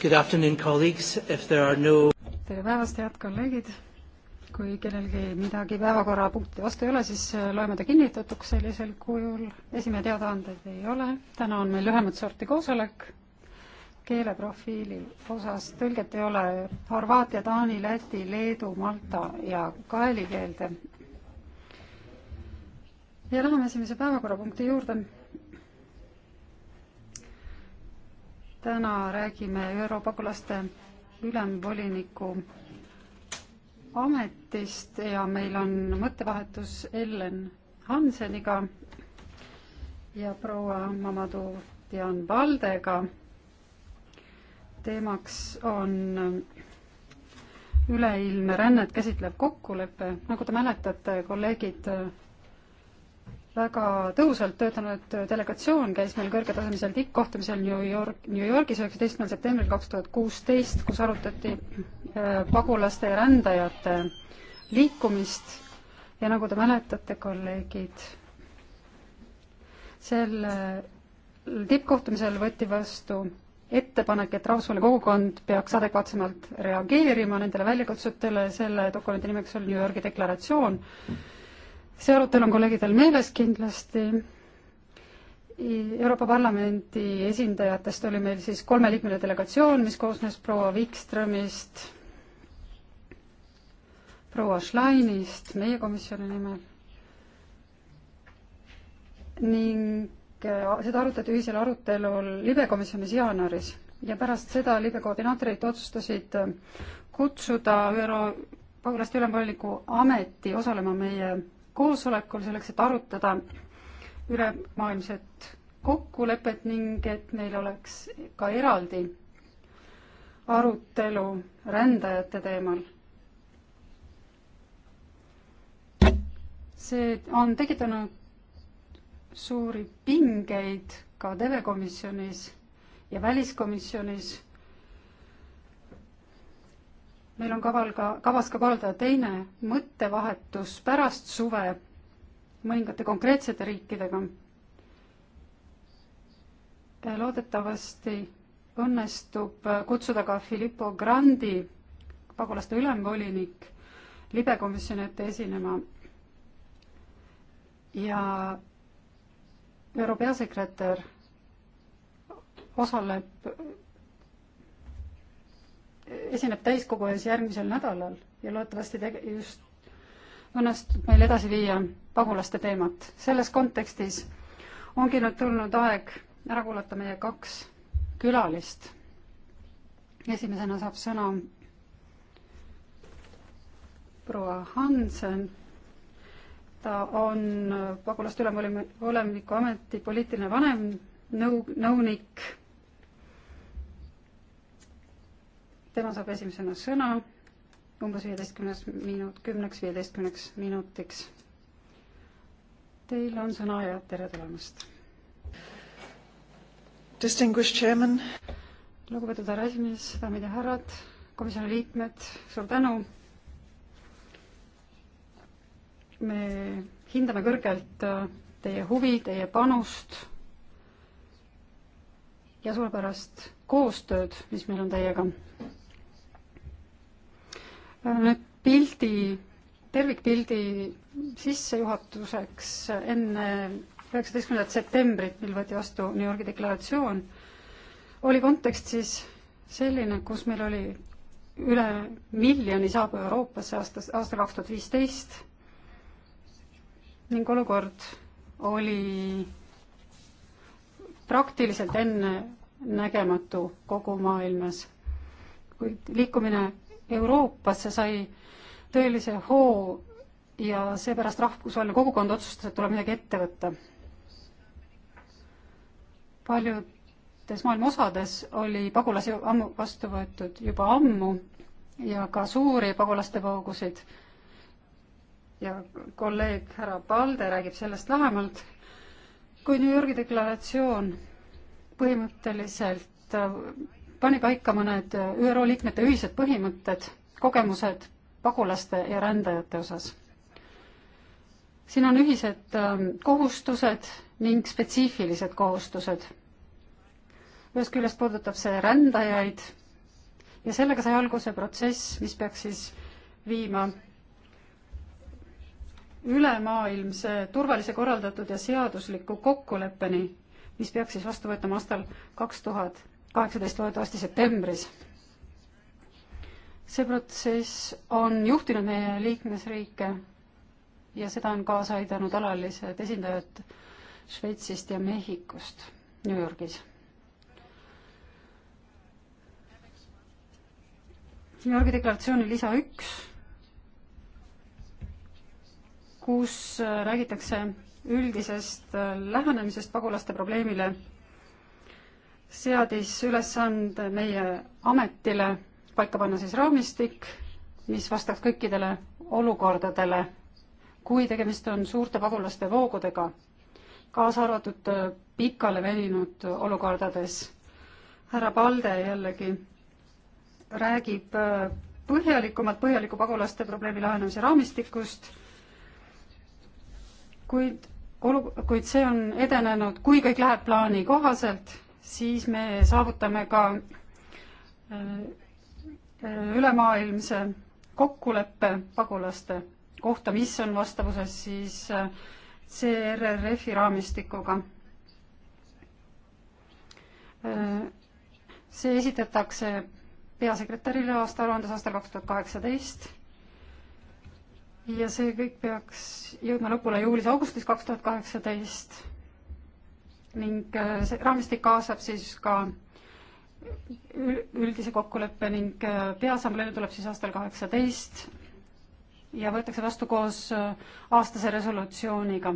Good afternoon, colleagues. If there are no tere päevast, head kolleegid! kui kellelgi midagi päevakorrapunkti vastu ei ole, siis äh, loeme ta kinnitatuks sellisel kujul. esimehe teadaandeid ei ole. täna on meil lühemat sorti koosolek. keeleprofiili osas tõlget ei ole horvaatia, taani, läti, leedu, malta ja kaeli keelde. ja läheme esimese päevakorrapunkti juurde täna räägime ÜRO pagulaste ülemvoliniku ametist ja meil on mõttevahetus Ellen Hanseniga ja proua Mamadou Dian Valdega. teemaks on üleilmne rännet käsitlev kokkulepe, nagu te mäletate, kolleegid väga tõhusalt töötanud delegatsioon käis meil kõrgetasemelisel tippkohtumisel New York, New Yorgis üheksateistkümnendal septembril kaks tuhat kuusteist, kus arutati äh, pagulaste ja rändajate liikumist ja nagu te mäletate, kolleegid, sel äh, tippkohtumisel võeti vastu ettepanek, et rahvusvaheline kogukond peaks adekvaatsemalt reageerima nendele väljakutsetele, selle dokumendi nimeks oli New Yorgi deklaratsioon, see arutelu on kolleegidel meeles kindlasti. Euroopa Parlamendi esindajatest oli meil siis kolmeliikmeline delegatsioon, mis koosnes proua Wikströmist, proua Schleinist meie komisjoni nimel ning äh, seda arutati ühisel arutelul libekomisjonis jaanuaris ja pärast seda libekoordinaatorid otsustasid äh, kutsuda ÜRO pagulaste ülemvoliniku ameti osalema meie koosolekul selleks, et arutada ülemaailmset kokkulepet ning et meil oleks ka eraldi arutelu rändajate teemal. see on tekitanud suuri pingeid ka telekomisjonis ja väliskomisjonis meil on kaval ka, kavas ka korraldada teine mõttevahetus pärast suve mõningate konkreetsete riikidega. loodetavasti õnnestub kutsuda ka Filippo Grandi, pagulaste ülemvolinik, libekomisjoni ette esinema. ja ÜRO peasekretär osaleb esineb täiskogu ees järgmisel nädalal ja loodetavasti tege-, just õnnestub meil edasi viia pagulaste teemat. selles kontekstis ongi nüüd tulnud aeg ära kuulata meie kaks külalist. esimesena saab sõna proua Hansen. ta on pagulaste ülemvoliniku ameti poliitiline vanem, nõu-, nõunik tema saab esimesena sõna umbes viieteistkümnes minut, kümneks, viieteistkümneks minutiks. Teil on sõna ja tere tulemast. Distinguished chairman. lugupeetud härra esimees, daamid ja härrad, komisjoni liikmed, suur tänu. me hindame kõrgelt äh, teie huvi, teie panust ja suurepärast koostööd, mis meil on teiega nüüd pildi, tervikpildi sissejuhatuseks enne üheksateistkümnendat septembrit, mil võeti vastu New Yorgi deklaratsioon, oli kontekst siis selline, kus meil oli üle miljoni saabu Euroopasse aastas, aastal kaks tuhat viisteist ning olukord oli praktiliselt ennenägematu kogu maailmas. kuid liikumine Euroopasse sai tõelise hoo ja seepärast rahvusvaheline kogukond otsustas, et tuleb midagi ette võtta. paljudes maailma osades oli pagulasi ammu vastu võetud juba ammu ja ka suuri pagulaste voogusid. ja kolleeg härra Palde räägib sellest lähemalt, kui New Yorgi deklaratsioon põhimõtteliselt pani paika mõned ÜRO liikmete ühised põhimõtted, kogemused pagulaste ja rändajate osas. siin on ühised ähm, kohustused ning spetsiifilised kohustused. ühest küljest puudutab see rändajaid ja sellega sai alguse protsess, mis peaks siis viima ülemaailmse turvalise korraldatud ja seadusliku kokkuleppeni, mis peaks siis vastu võetama aastal kaks tuhat kaheksateist loodetavasti septembris. see protsess on juhtinud meie liikmesriike ja seda on kaasa aidanud alalised esindajad Šveitsist ja Mehhikost New Yorgis. New Yorgi deklaratsiooni lisa üks, kus räägitakse üldisest lähenemisest pagulaste probleemile seadis ülesande meie ametile paika panna siis raamistik, mis vastaks kõikidele olukordadele, kui tegemist on suurte pagulaste voogudega, kaasa arvatud äh, pikale veninud olukordades. härra Palde jällegi räägib äh, põhjalikumalt põhjaliku pagulaste probleemi lahendamise raamistikust, kuid olu-, kuid see on edenenud, kui kõik läheb plaani kohaselt siis me saavutame ka äh, äh, ülemaailmse kokkuleppe pagulaste kohta, mis on vastavuses siis äh, CRRF-i raamistikuga. see esitatakse peasekretärile aastaaruandes aastal kaks tuhat kaheksateist ja see kõik peaks jõudma lõpule juulis-augustis kaks tuhat kaheksateist ning äh, see raamistik kaasab siis ka üldise kokkuleppe ning äh, peaassambleele tuleb siis aastal kaheksateist ja võetakse vastu koos äh, aastase resolutsiooniga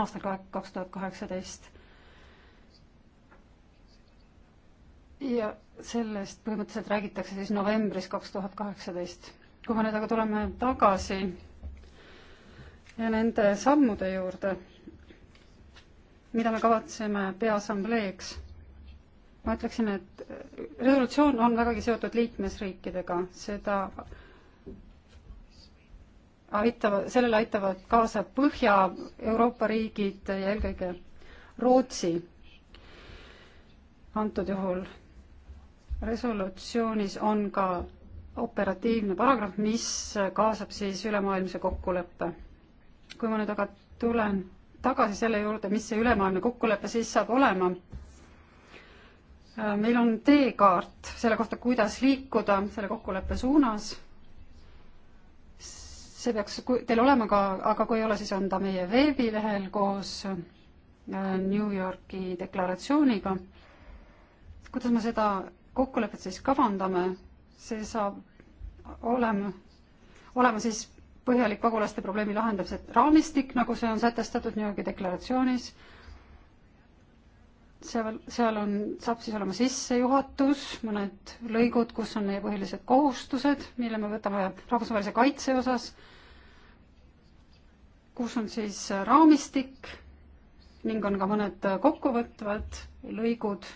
aastal kaks tuhat kaheksateist. ja sellest põhimõtteliselt räägitakse siis novembris kaks tuhat kaheksateist. kui me nüüd aga tuleme tagasi ja nende sammude juurde, mida me kavatseme peaassambleeks. ma ütleksin, et resolutsioon on vägagi seotud liikmesriikidega, seda aitavad, sellele aitavad kaasa Põhja-Euroopa riigid ja eelkõige Rootsi antud juhul. resolutsioonis on ka operatiivne paragrahv, mis kaasab siis ülemaailmse kokkuleppe. kui ma nüüd aga tulen tagasi selle juurde, mis see ülemaailmne kokkulepe siis saab olema. Äh, meil on teekaart selle kohta, kuidas liikuda selle kokkuleppe suunas. see peaks teil olema ka, aga kui ei ole, siis on ta meie veebilehel koos äh, New Yorki deklaratsiooniga. kuidas me seda kokkulepet siis kavandame, see saab olema, olema siis põhjalik pagulaste probleemi lahendamise raamistik, nagu see on sätestatud New Yorgi deklaratsioonis. seal, seal on, saab siis olema sissejuhatus, mõned lõigud, kus on meie põhilised kohustused, mille me võtame rahvusvahelise kaitse osas, kus on siis raamistik ning on ka mõned kokkuvõtvad lõigud,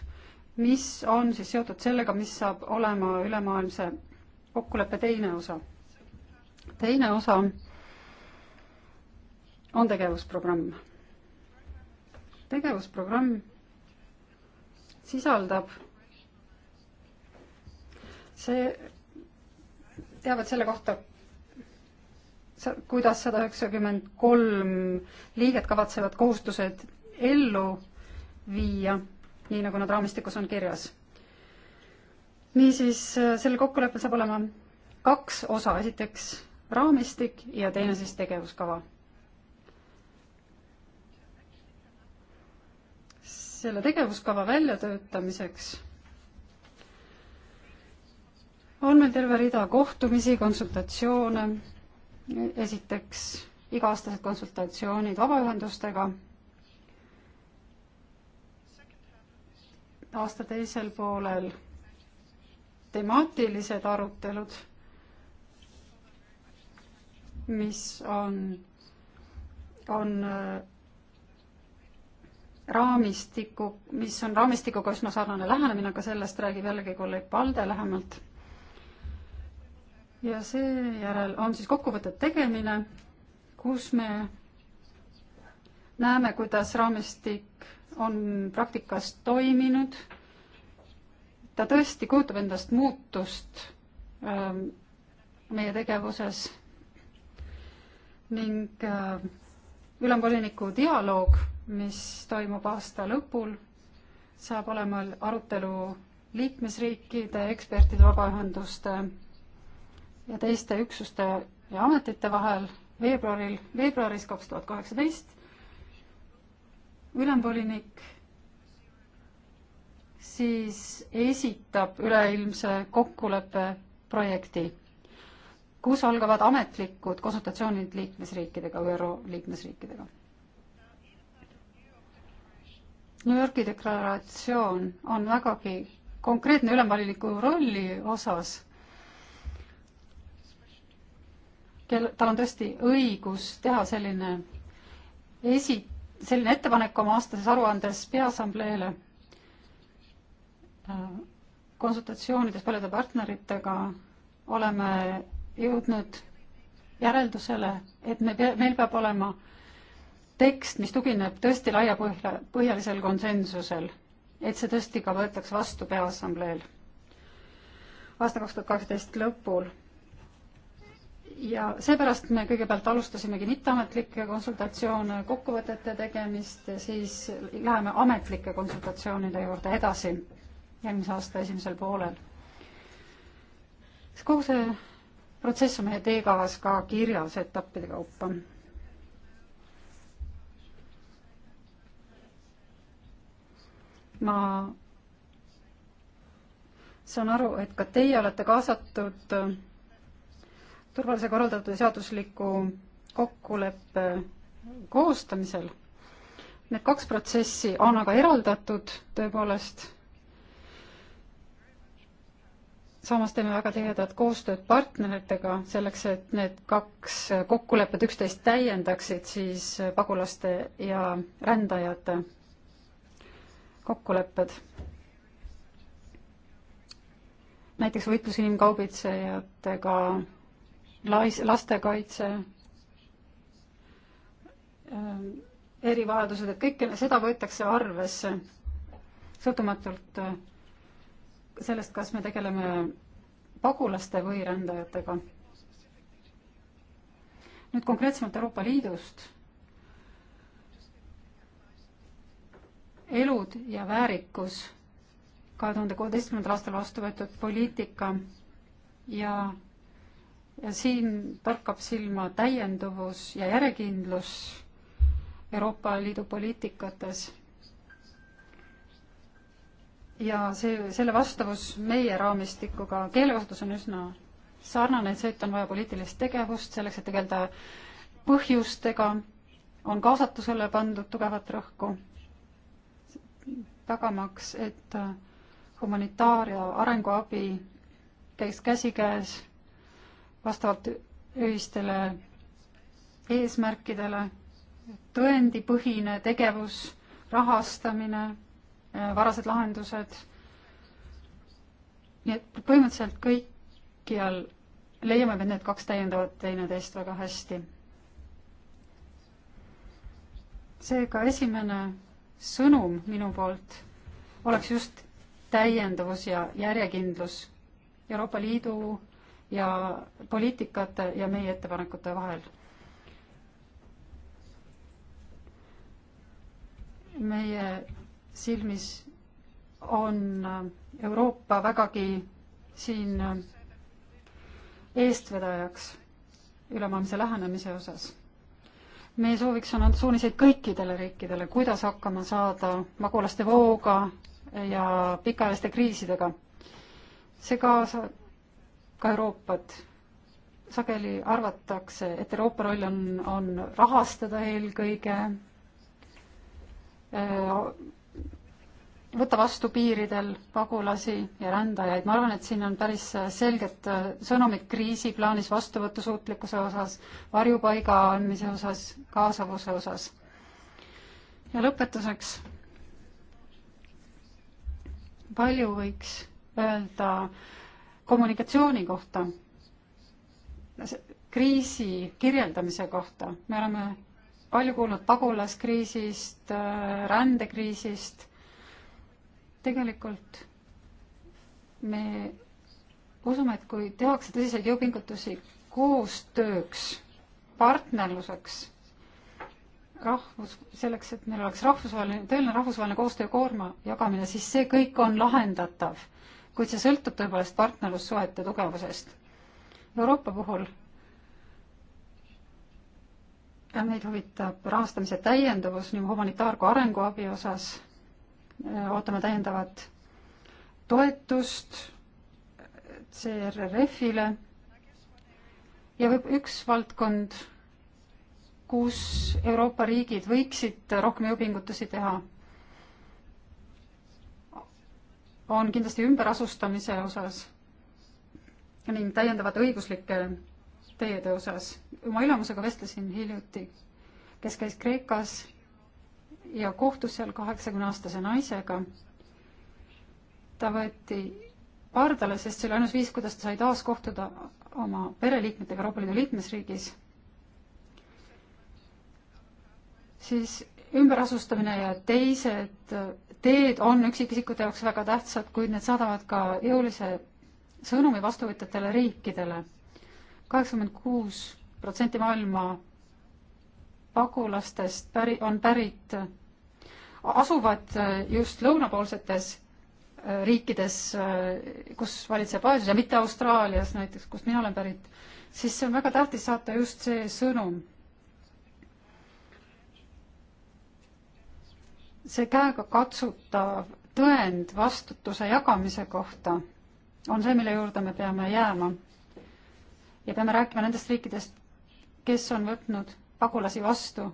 mis on siis seotud sellega, mis saab olema ülemaailmse kokkuleppe teine osa teine osa on tegevusprogramm. tegevusprogramm sisaldab see, teavet selle kohta, kuidas sada üheksakümmend kolm liiget kavatsevad kohustused ellu viia, nii nagu nad raamistikus on kirjas. niisiis, äh, sellel kokkuleppel saab olema kaks osa, esiteks raamistik ja teine siis tegevuskava. selle tegevuskava väljatöötamiseks on meil terve rida kohtumisi, konsultatsioone, esiteks iga-aastased konsultatsioonid vabaühendustega, aasta teisel poolel temaatilised arutelud mis on, on äh, raamistiku, mis on raamistikuga üsna sarnane lähenemine, aga sellest räägib jällegi kolleeg Palde lähemalt. ja seejärel on siis kokkuvõtte tegemine, kus me näeme, kuidas raamistik on praktikas toiminud. ta tõesti kujutab endast muutust ähm, meie tegevuses ning äh, ülemvoliniku dialoog, mis toimub aasta lõpul, saab olema arutelu liikmesriikide, ekspertide, vabaühenduste ja teiste üksuste ja ametite vahel veebruaril, veebruaris kaks tuhat kaheksateist. ülemvolinik siis esitab üleilmse kokkuleppe projekti kus algavad ametlikud konsultatsioonid liikmesriikidega, ÜRO liikmesriikidega. New Yorgi deklaratsioon on vägagi konkreetne ülemvaliliku rolli osas, kel, tal on tõesti õigus teha selline esi, selline ettepanek oma aastases aruandes Peaassambleele äh, konsultatsioonides paljude partneritega oleme jõudnud järeldusele, et me, meil peab olema tekst, mis tugineb tõesti laiapõhjalisel konsensusel, et see tõesti ka võetaks vastu Peaassambleel aasta kaks tuhat kaksteist lõpul. ja seepärast me kõigepealt alustasimegi mitteametlikke konsultatsioone, kokkuvõtete tegemist, siis läheme ametlike konsultatsioonide juurde edasi järgmise aasta esimesel poolel. kogu see protsess on meie teekavas ka kirjas etappide kaupa. ma saan aru, et ka teie olete kaasatud turvalise korraldatud ja seadusliku kokkuleppe koostamisel. Need kaks protsessi on aga eraldatud tõepoolest samas teeme väga tihedat koostööd partneritega selleks, et need kaks kokkulepet üksteist täiendaksid siis pagulaste ja rändajate kokkulepped. näiteks võitlus inimkaubitsejatega, lais-, lastekaitse, äh, erivajadused, et kõike seda võetakse arvesse sõltumatult äh, sellest, kas me tegeleme pagulaste või rändajatega. nüüd konkreetsemalt Euroopa Liidust. elud ja väärikus, kahe tuhande kuueteistkümnendal aastal vastu võetud poliitika ja, ja siin torkab silma täienduvus ja järjekindlus Euroopa Liidu poliitikates ja see, selle vastavus meie raamistikuga, keelekasutus on üsna sarnane, et see, et on vaja poliitilist tegevust selleks, et tegeleda põhjustega, on kaasatusele pandud tugevat rõhku, tagamaks, et humanitaar- ja arenguabi käiks käsikäes vastavalt ühistele eesmärkidele, tõendipõhine tegevus, rahastamine Äh, varased lahendused. nii et põhimõtteliselt kõikjal leiame me need kaks täiendavat teineteist väga hästi. seega esimene sõnum minu poolt oleks just täiendavus ja järjekindlus Euroopa Liidu ja poliitikate ja meie ettepanekute vahel. meie silmis on Euroopa vägagi siin eestvedajaks ülemaailmse lähenemise osas. meie sooviks on anda suuniseid kõikidele riikidele, kuidas hakkama saada pagulaste vooga ja pikaajaliste kriisidega. see kaasa ka Euroopat. sageli arvatakse, et Euroopa roll on, on rahastada eelkõige äh, võtta vastu piiridel pagulasi ja rändajaid. ma arvan, et siin on päris selget sõnumit kriisiplaanis vastuvõtusuutlikkuse osas, varjupaiga andmise osas, kaasavuse osas. ja lõpetuseks. palju võiks öelda kommunikatsiooni kohta, kriisi kirjeldamise kohta, me oleme palju kuulnud pagulaskriisist, rändekriisist tegelikult me usume, et kui tehakse tõsiseid jõupingutusi koostööks, partnerluseks, rahvus, selleks, et meil oleks rahvusvaheline, tõeline rahvusvaheline koostöökoorma jagamine, siis see kõik on lahendatav. kuid see sõltub tõepoolest partnerlussuhete tugevusest. Euroopa puhul meid huvitab rahastamise täiendavus nii humanitaar- kui arenguabi osas Äh, ootame täiendavat toetust CRRF-ile ja võib üks valdkond, kus Euroopa riigid võiksid rohkem jõupingutusi teha, on kindlasti ümberasustamise osas ning täiendavate õiguslike teede osas. oma ülemusega vestlesin hiljuti, kes käis Kreekas ja kohtus seal kaheksakümne aastase naisega. ta võeti pardale, sest see oli ainus viis, kuidas ta sai taas kohtuda oma pereliikmetega Euroopa Liidu liikmesriigis. siis ümberasustamine ja teised teed on üksikisikute jaoks väga tähtsad, kuid need saadavad ka jõulise sõnumi vastuvõtjatele riikidele. kaheksakümmend kuus protsenti maailma pagulastest päri, on pärit asuvad äh, just lõunapoolsetes äh, riikides, äh, kus valitseb vaesus ja mitte Austraalias näiteks, kust mina olen pärit, siis on väga tähtis saata just see sõnum. see käega katsutav tõend vastutuse jagamise kohta on see, mille juurde me peame jääma. ja peame rääkima nendest riikidest, kes on võtnud pagulasi vastu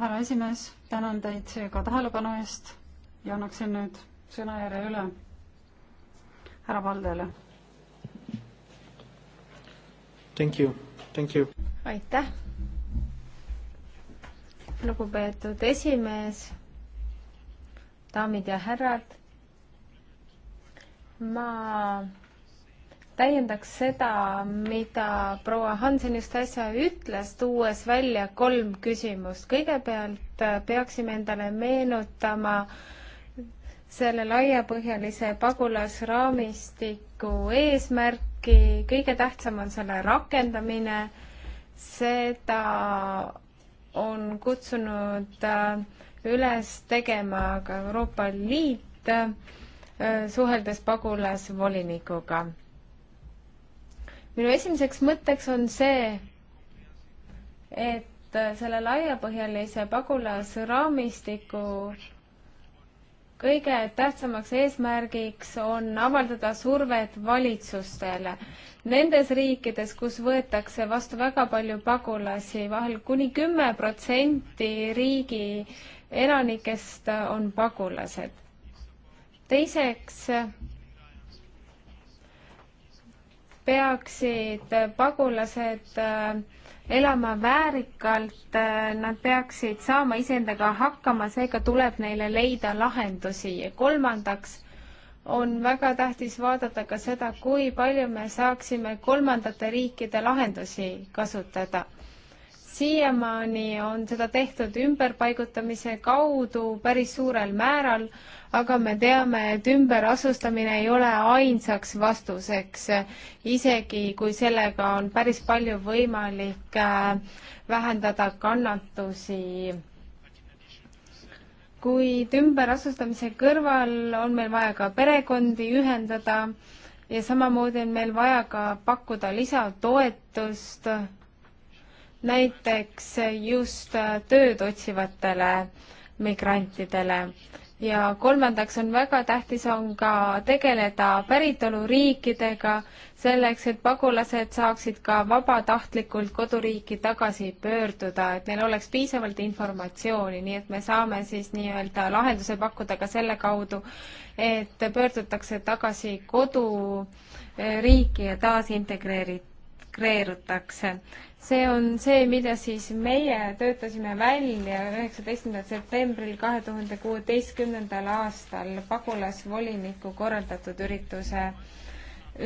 härra esimees, tänan teid ka tähelepanu eest ja annaksin nüüd sõnajärje üle härra Valdele. Thank you, thank you. aitäh, lugupeetud esimees, daamid ja härrad. ma täiendaks seda, mida proua Hansen just äsja ütles, tuues välja kolm küsimust. kõigepealt äh, peaksime endale meenutama selle laiapõhjalise pagulasraamistiku eesmärki, kõige tähtsam on selle rakendamine, seda on kutsunud äh, üles tegema ka Euroopa Liit, äh, suheldes pagulasvolinikuga minu esimeseks mõtteks on see, et äh, selle laiapõhjalise pagulasraamistiku kõige tähtsamaks eesmärgiks on avaldada survet valitsustele. Nendes riikides, kus võetakse vastu väga palju pagulasi, vahel kuni kümme protsenti riigi elanikest on pagulased. teiseks peaksid pagulased äh, elama väärikalt, äh, nad peaksid saama iseendaga hakkama, seega tuleb neile leida lahendusi. kolmandaks on väga tähtis vaadata ka seda, kui palju me saaksime kolmandate riikide lahendusi kasutada siiamaani on seda tehtud ümberpaigutamise kaudu päris suurel määral, aga me teame, et ümberasustamine ei ole ainsaks vastuseks, isegi kui sellega on päris palju võimalik äh, vähendada kannatusi. kuid ümberasustamise kõrval on meil vaja ka perekondi ühendada ja samamoodi on meil vaja ka pakkuda lisatoetust näiteks just tööd otsivatele migrantidele ja kolmandaks on väga tähtis, on ka tegeleda päritoluriikidega, selleks et pagulased saaksid ka vabatahtlikult koduriiki tagasi pöörduda, et neil oleks piisavalt informatsiooni, nii et me saame siis nii-öelda lahenduse pakkuda ka selle kaudu, et pöördutakse tagasi koduriiki ja taasintegreeritud integreerutakse. see on see, mida siis meie töötasime välja üheksateistkümnendal septembril kahe tuhande kuueteistkümnendal aastal pagulasvoliniku korraldatud ürituse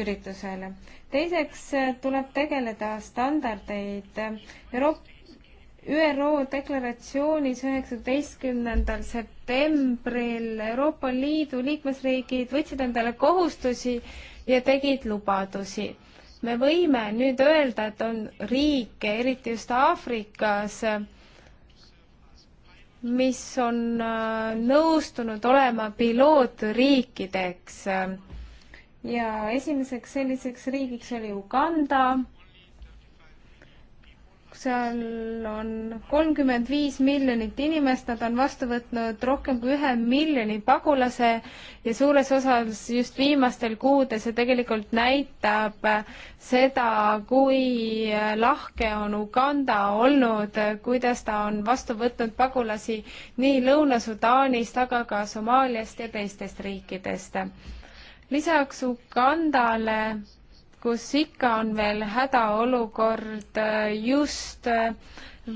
üritusele. teiseks tuleb tegeleda standardeid Euroopa ÜRO deklaratsioonis üheksateistkümnendal septembril Euroopa Liidu liikmesriigid võtsid endale kohustusi ja tegid lubadusi me võime nüüd öelda, et on riike, eriti just Aafrikas, mis on äh, nõustunud olema pilootriikideks. ja esimeseks selliseks riigiks oli Uganda seal on kolmkümmend viis miljonit inimest, nad on vastu võtnud rohkem kui ühe miljoni pagulase ja suures osas just viimastel kuudel see tegelikult näitab seda, kui lahke on Uganda olnud, kuidas ta on vastu võtnud pagulasi nii Lõuna-Sudaanist, aga ka Somaaliast ja teistest riikidest. lisaks Ugandale kus ikka on veel hädaolukord äh, just äh,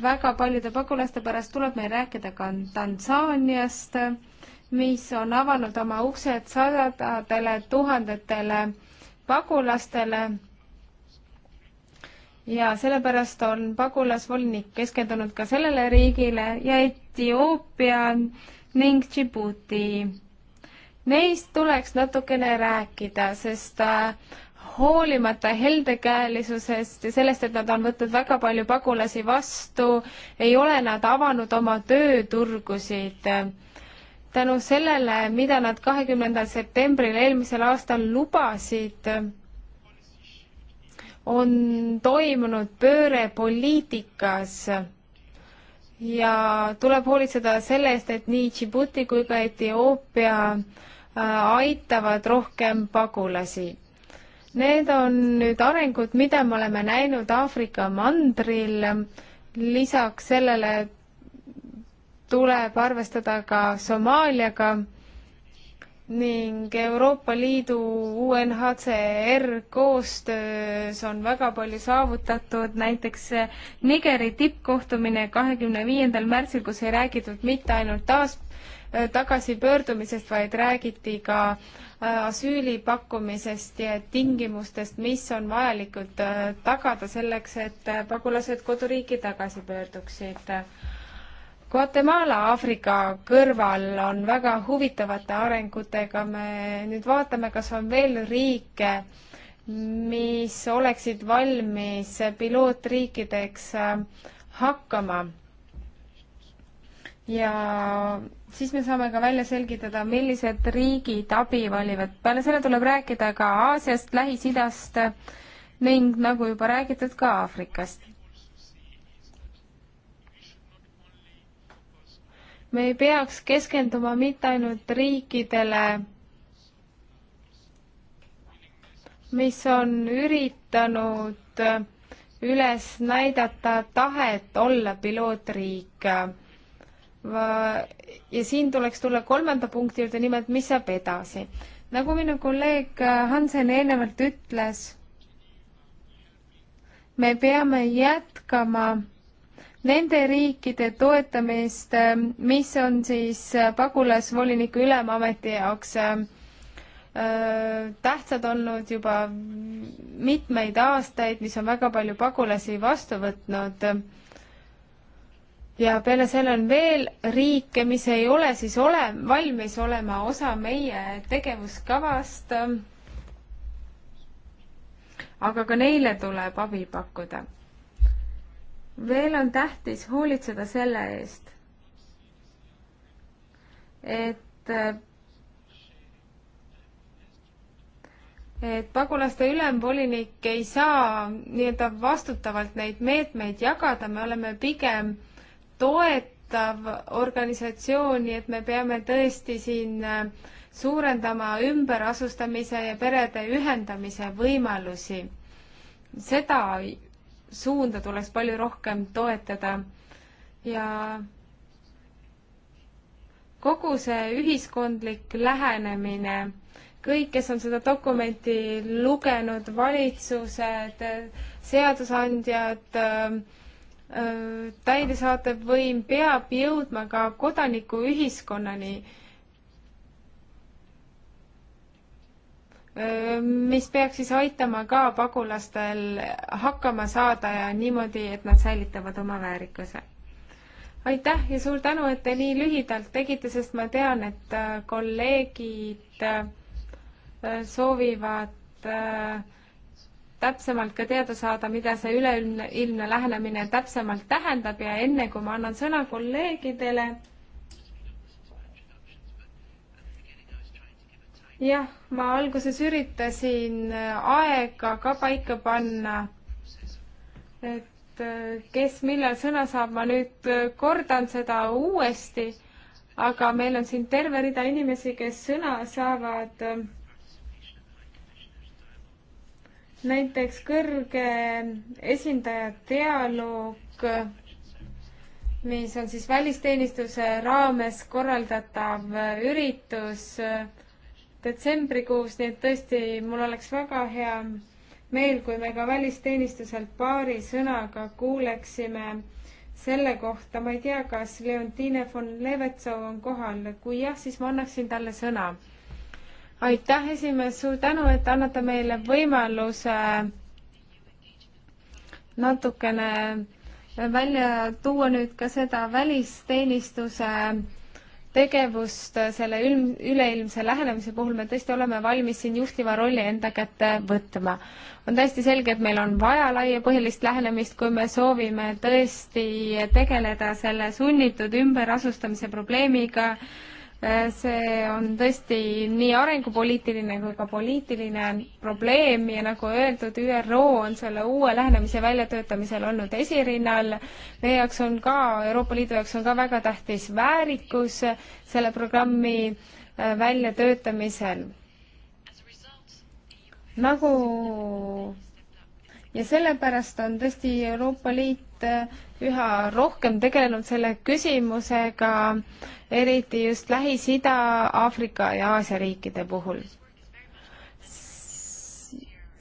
väga paljude pagulaste pärast, tuleb meil rääkida ka Tansaaniast, mis on avanud oma uksed sadadele tuhandetele pagulastele. ja sellepärast on pagulasvolinik keskendunud ka sellele riigile ja Etioopia ning Djibouti. Neist tuleks natukene rääkida, sest äh, hoolimata heldekäelisusest ja sellest, et nad on võtnud väga palju pagulasi vastu, ei ole nad avanud oma tööturgusid. tänu sellele, mida nad kahekümnendal septembril eelmisel aastal lubasid, on toimunud pööre poliitikas ja tuleb hoolitseda selle eest, et nii Djibouti kui ka Etioopia äh, aitavad rohkem pagulasi Need on nüüd arengud, mida me oleme näinud Aafrika mandril. lisaks sellele tuleb arvestada ka Somaaliaga ning Euroopa Liidu UNHCR koostöös on väga palju saavutatud, näiteks Nigeri tippkohtumine kahekümne viiendal märtsil, kus ei räägitud mitte ainult taas äh, tagasipöördumisest, vaid räägiti ka äh, Äh, asüüli pakkumisest ja tingimustest, mis on vajalikud äh, tagada selleks, et äh, pagulased koduriiki tagasi pöörduksid. Guatemala Aafrika kõrval on väga huvitavate arengutega, me nüüd vaatame, kas on veel riike, mis oleksid valmis pilootriikideks hakkama ja siis me saame ka välja selgitada, millised riigid abi valivad. peale selle tuleb rääkida ka Aasiast, Lähis-Idast ning nagu juba räägitud, ka Aafrikast. me ei peaks keskenduma mitte ainult riikidele, mis on üritanud üles näidata tahet olla pilootriik ja siin tuleks tulla kolmanda punkti juurde, nimelt mis saab edasi. nagu minu kolleeg äh, Hansen eelnevalt ütles, me peame jätkama nende riikide toetamist, äh, mis on siis äh, pagulasvoliniku ülemameti jaoks tähtsad olnud juba mitmeid aastaid, mis on väga palju pagulasi vastu võtnud ja peale selle on veel riike, mis ei ole siis ole, valmis olema osa meie tegevuskavast. aga ka neile tuleb abi pakkuda. veel on tähtis hoolitseda selle eest, et et pagulaste ülemvolinik ei saa nii-öelda vastutavalt neid meetmeid jagada, me oleme pigem äh, toetav organisatsioon, nii et me peame tõesti siin äh, suurendama ümberasustamise ja perede ühendamise võimalusi. seda suunda tuleks palju rohkem toetada ja kogu see ühiskondlik lähenemine, kõik, kes on seda dokumenti lugenud, valitsused, seadusandjad, äh, täidesaatev võim peab jõudma ka kodanikuühiskonnani, mis peaks siis aitama ka pagulastel hakkama saada ja niimoodi, et nad säilitavad oma väärikuse. aitäh ja suur tänu, et te nii lühidalt tegite, sest ma tean, et äh, kolleegid äh, soovivad äh, täpsemalt ka teada saada, mida see üleilmne lähenemine täpsemalt tähendab ja enne kui ma annan sõna kolleegidele. jah, ma alguses üritasin aega ka paika panna, et äh, kes millal sõna saab, ma nüüd kordan seda uuesti, aga meil on siin terve rida inimesi, kes sõna saavad äh, näiteks kõrge esindaja dialoog, mis on siis välisteenistuse raames korraldatav üritus detsembrikuus, nii et tõesti, mul oleks väga hea meel, kui me ka välisteenistuselt paari sõnaga kuuleksime selle kohta, ma ei tea, kas Leontine von Levetso on kohal, kui jah, siis ma annaksin talle sõna aitäh, esimees, suur tänu, et annate meile võimaluse natukene välja tuua nüüd ka seda välisteenistuse tegevust selle ülm-, üleilmse lähenemise puhul me tõesti oleme valmis siin juhtiva rolli enda kätte võtma. on täiesti selge, et meil on vaja laiapõhjalist lähenemist, kui me soovime tõesti tegeleda selle sunnitud ümberasustamise probleemiga äh,, Äh, see on tõesti nii arengupoliitiline kui ka poliitiline probleem ja nagu öeldud, ÜRO on selle uue lähenemise väljatöötamisel olnud esirinnal. meie jaoks on ka, Euroopa Liidu jaoks on ka väga tähtis väärikus selle programmi äh, väljatöötamisel. nagu ja sellepärast on tõesti Euroopa Liit üha rohkem tegelenud selle küsimusega, eriti just Lähis-Ida, Aafrika ja Aasia riikide puhul.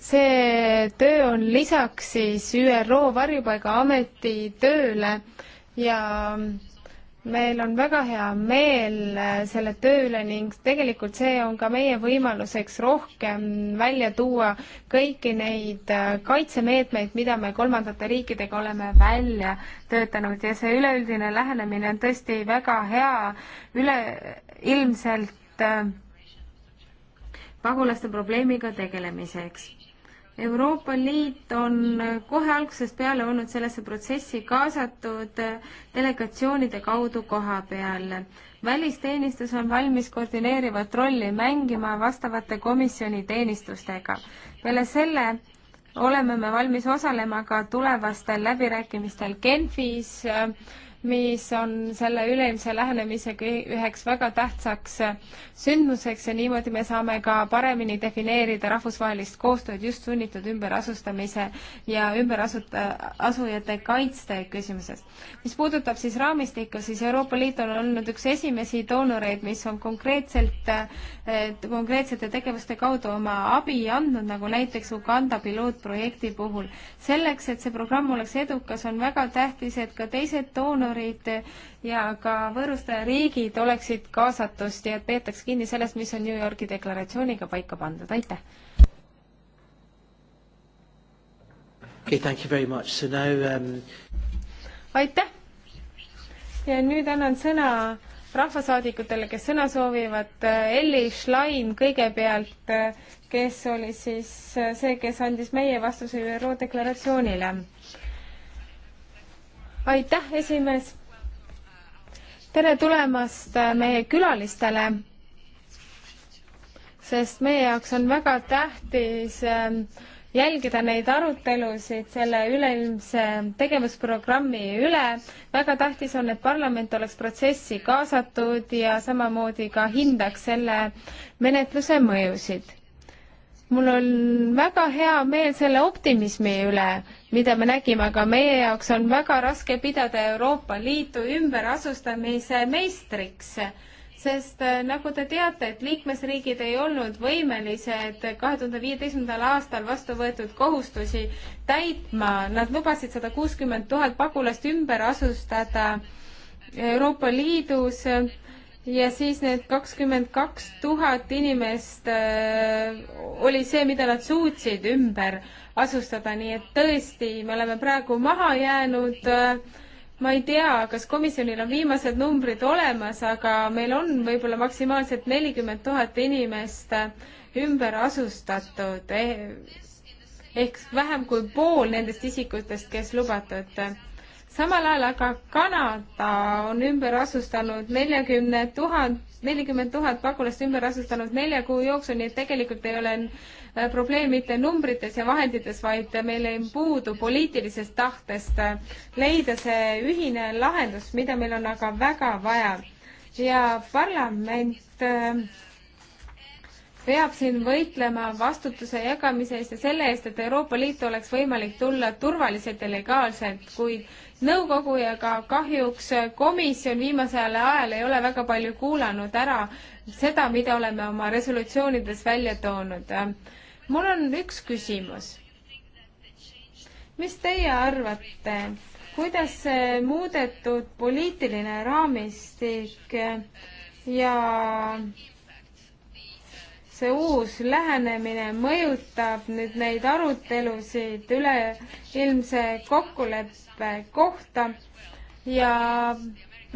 see töö on lisaks siis ÜRO Varjupaigaameti tööle ja meil on väga hea meel äh, selle töö üle ning tegelikult see on ka meie võimaluseks rohkem välja tuua kõiki neid äh, kaitsemeetmeid, mida me kolmandate riikidega oleme välja töötanud ja see üleüldine lähenemine on tõesti väga hea, üle, ilmselt äh, pagulaste probleemiga tegelemiseks Euroopa Liit on kohe algusest peale olnud sellesse protsessi kaasatud delegatsioonide kaudu koha peal. välisteenistus on valmis koordineerivat rolli mängima vastavate komisjoni teenistustega. peale selle oleme me valmis osalema ka tulevastel läbirääkimistel Genfis äh, mis on selle üleilmse lähenemisega üheks väga tähtsaks äh, sündmuseks ja niimoodi me saame ka paremini defineerida rahvusvahelist koostööd just sunnitud ümberasustamise ja ümberasuta-, äh, asujate kaitste küsimuses. mis puudutab siis raamistikku, siis Euroopa Liit on olnud üks esimesi doonoreid, mis on konkreetselt, äh, konkreetsete tegevuste kaudu oma abi andnud, nagu näiteks Uganda pilootprojekti puhul. selleks, et see programm oleks edukas, on väga tähtis, et ka teised doonorid pannurid ja ka võõrustajariigid oleksid kaasatust ja et peetaks kinni sellest, mis on New Yorgi deklaratsiooniga paika pandud, aitäh! Okay, thank you very much. So now, um... aitäh! ja nüüd annan sõna rahvasaadikutele, kes sõna soovivad. Elli Schlein kõigepealt, kes oli siis see, kes andis meie vastuse ÜRO deklaratsioonile aitäh, esimees! tere tulemast äh, meie külalistele, sest meie jaoks on väga tähtis ähm, jälgida neid arutelusid selle üleilmse tegevusprogrammi üle. väga tähtis on, et parlament oleks protsessi kaasatud ja samamoodi ka hindaks selle menetluse mõjusid mul on väga hea meel selle optimismi üle, mida me nägime, aga meie jaoks on väga raske pidada Euroopa Liitu ümberasustamise meistriks, sest äh, nagu te teate, et liikmesriigid ei olnud võimelised kahe tuhande viieteistkümnendal aastal vastu võetud kohustusi täitma, nad lubasid sada kuuskümmend tuhat pagulast ümber asustada Euroopa Liidus ja siis need kakskümmend kaks tuhat inimest äh, oli see, mida nad suutsid ümber asustada, nii et tõesti, me oleme praegu maha jäänud äh, ma ei tea, kas komisjonil on viimased numbrid olemas, aga meil on võib-olla maksimaalselt nelikümmend tuhat inimest äh, ümber asustatud eh, ehk vähem kui pool nendest isikutest, kes lubatud. Äh, samal ajal aga Kanada on ümber asustanud neljakümne tuhat, nelikümmend tuhat pagulast ümber asustanud nelja kuu jooksul, nii et tegelikult ei ole äh, probleem mitte numbrites ja vahendites, vaid meil ei puudu poliitilisest tahtest äh, leida see ühine lahendus, mida meil on aga väga vaja. ja parlament äh, peab siin võitlema vastutuse jagamise eest ja selle eest, et Euroopa Liitu oleks võimalik tulla turvaliselt ja legaalselt, kuid nõukogu ja ka kahjuks komisjon viimasel ajal ei ole väga palju kuulanud ära seda, mida oleme oma resolutsioonides välja toonud. mul on üks küsimus. mis teie arvate, kuidas see muudetud poliitiline raamistik ja see uus lähenemine mõjutab nüüd neid arutelusid üleilmse kokkuleppe kohta ja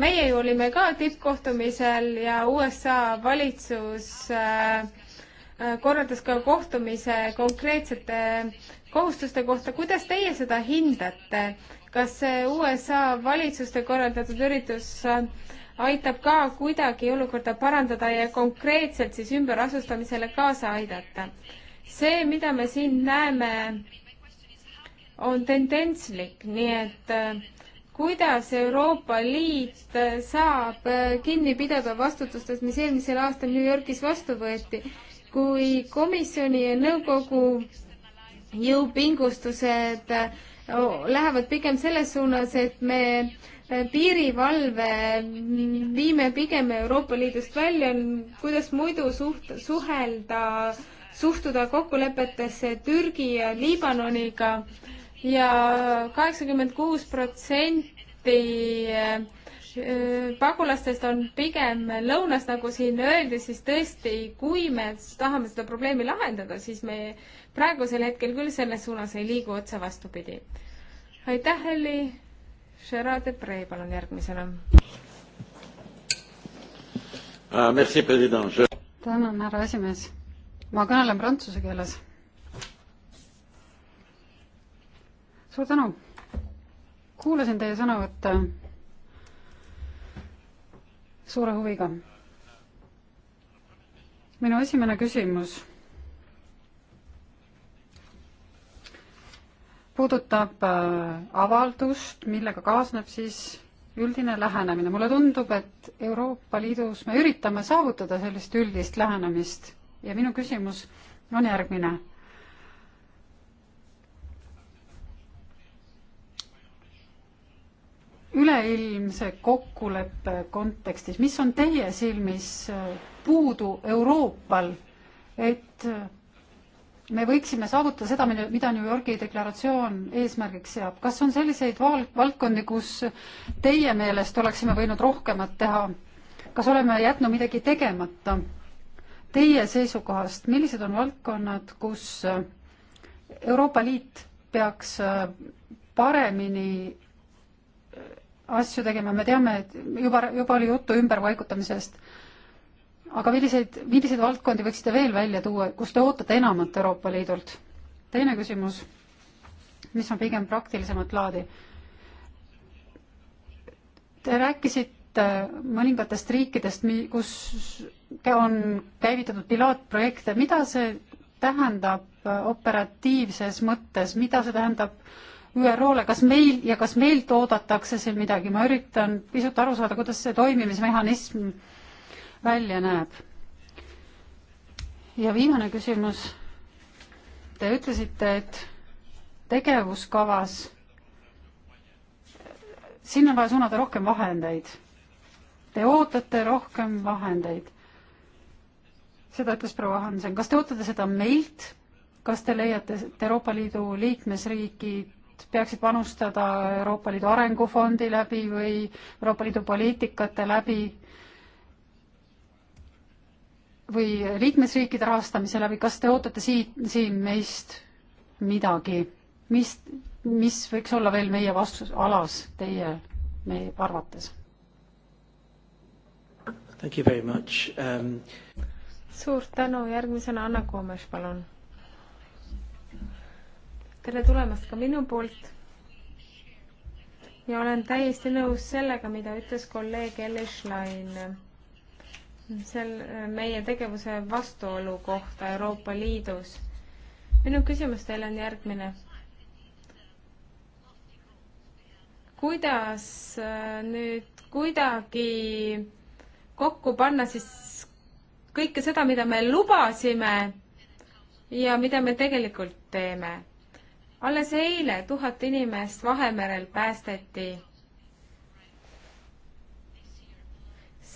meie ju olime ka tippkohtumisel ja USA valitsus äh, korraldas ka kohtumise konkreetsete kohustuste kohta. kuidas teie seda hindate? kas see USA valitsuste korraldatud üritus äh, aitab ka kuidagi olukorda parandada ja konkreetselt siis ümberasustamisele kaasa aidata. see, mida me siin näeme, on tendentslik, nii et äh, kuidas Euroopa Liit äh, saab äh, kinni pidada vastutustest, mis eelmisel aastal New Yorgis vastu võeti, kui komisjoni ja nõukogu jõupingustused lähevad pigem selles suunas, et me piirivalve viime pigem Euroopa Liidust välja, kuidas muidu suht-, suhelda, suhtuda kokkulepetesse Türgi ja Liibanoniga ja kaheksakümmend kuus protsenti äh, pagulastest on pigem lõunas, nagu siin öeldi, siis tõesti, kui me tahame seda probleemi lahendada, siis me praegusel hetkel küll selles suunas ei liigu otse vastupidi. aitäh, Elli! Gerard Depree, palun järgmisena. Ah, tänan, härra esimees. ma kõnelen prantsuse keeles. suur tänu. kuulasin teie sõnavõtte suure huviga. minu esimene küsimus puudutab äh, avaldust, millega kaasneb siis üldine lähenemine. mulle tundub, et Euroopa Liidus me üritame saavutada sellist üldist lähenemist ja minu küsimus on järgmine. üleilmse kokkuleppe kontekstis, mis on teie silmis puudu Euroopal, et me võiksime saavutada seda, mille, mida New Yorgi deklaratsioon eesmärgiks seab. kas on selliseid val-, valdkondi, kus teie meelest oleksime võinud rohkemat teha? kas oleme jätnud midagi tegemata? Teie seisukohast, millised on valdkonnad, kus Euroopa Liit peaks paremini asju tegema, me teame, et juba, juba oli juttu ümberpaigutamisest aga milliseid, milliseid valdkondi võiksite veel välja tuua, kus te ootate enamat Euroopa Liidult? teine küsimus, mis on pigem praktilisemat laadi. Te rääkisite mõningatest riikidest, kus on käivitatud pilaatprojekte, mida see tähendab operatiivses mõttes, mida see tähendab ÜRO-le, kas meil ja kas meilt oodatakse siin midagi, ma üritan pisut aru saada, kuidas see toimimismehhanism välja näeb. ja viimane küsimus. Te ütlesite, et tegevuskavas, sinna on vaja suunata rohkem vahendeid. Te ootate rohkem vahendeid. seda ütles proua Hansen. kas te ootate seda meilt? kas te leiate, et Euroopa Liidu liikmesriigid peaksid panustada Euroopa Liidu Arengufondi läbi või Euroopa Liidu poliitikate läbi või liikmesriikide rahastamise läbi, kas te ootate siit, siin meist midagi, mis, mis võiks olla veel meie vastusalas teie, meie arvates? Thank you very much um.... suur tänu, järgmisena Anna Koomes, palun. tere tulemast ka minu poolt. ja olen täiesti nõus sellega, mida ütles kolleeg Elli Schlein sel, meie tegevuse vastuolu kohta Euroopa Liidus. minu küsimus teile on järgmine. kuidas äh, nüüd kuidagi kokku panna siis kõike seda, mida me lubasime ja mida me tegelikult teeme? alles eile tuhat inimest Vahemerel päästeti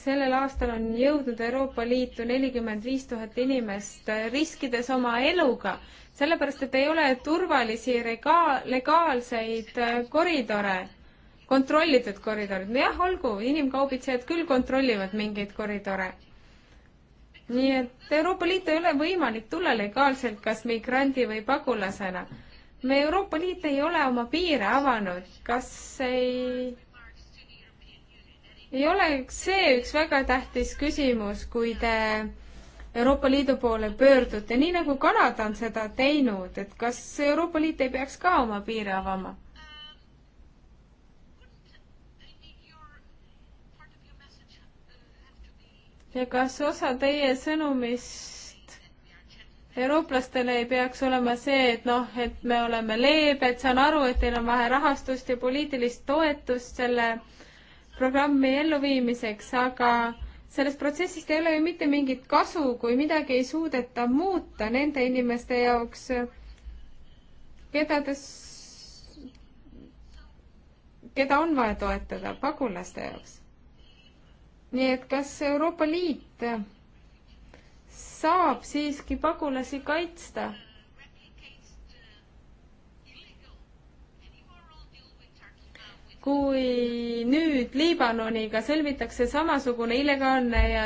sellel aastal on jõudnud Euroopa Liitu nelikümmend viis tuhat inimest, riskides oma eluga, sellepärast et ei ole turvalisi rega-, legaalseid äh, koridore, kontrollitud koridorid. no jah, olgu, inimkaubitsejad küll kontrollivad mingeid koridore. nii et Euroopa Liitu ei ole võimalik tulla legaalselt kas migrandi või pagulasena. me Euroopa Liit ei ole oma piire avanud, kas ei ei oleks see üks väga tähtis küsimus, kui te Euroopa Liidu poole pöördute, nii nagu Kanada on seda teinud, et kas Euroopa Liit ei peaks ka oma piire avama? ja kas osa teie sõnumist eurooplastele ei peaks olema see, et noh, et me oleme leebed, saan aru, et teil on vähe rahastust ja poliitilist toetust selle äh, programmi elluviimiseks, aga sellest protsessist ei ole ju mitte mingit kasu, kui midagi ei suudeta muuta nende inimeste jaoks, keda ta, keda on vaja toetada, pagulaste jaoks. nii et kas Euroopa Liit saab siiski pagulasi kaitsta? kui nüüd Liibanoniga sõlmitakse samasugune illegaalne ja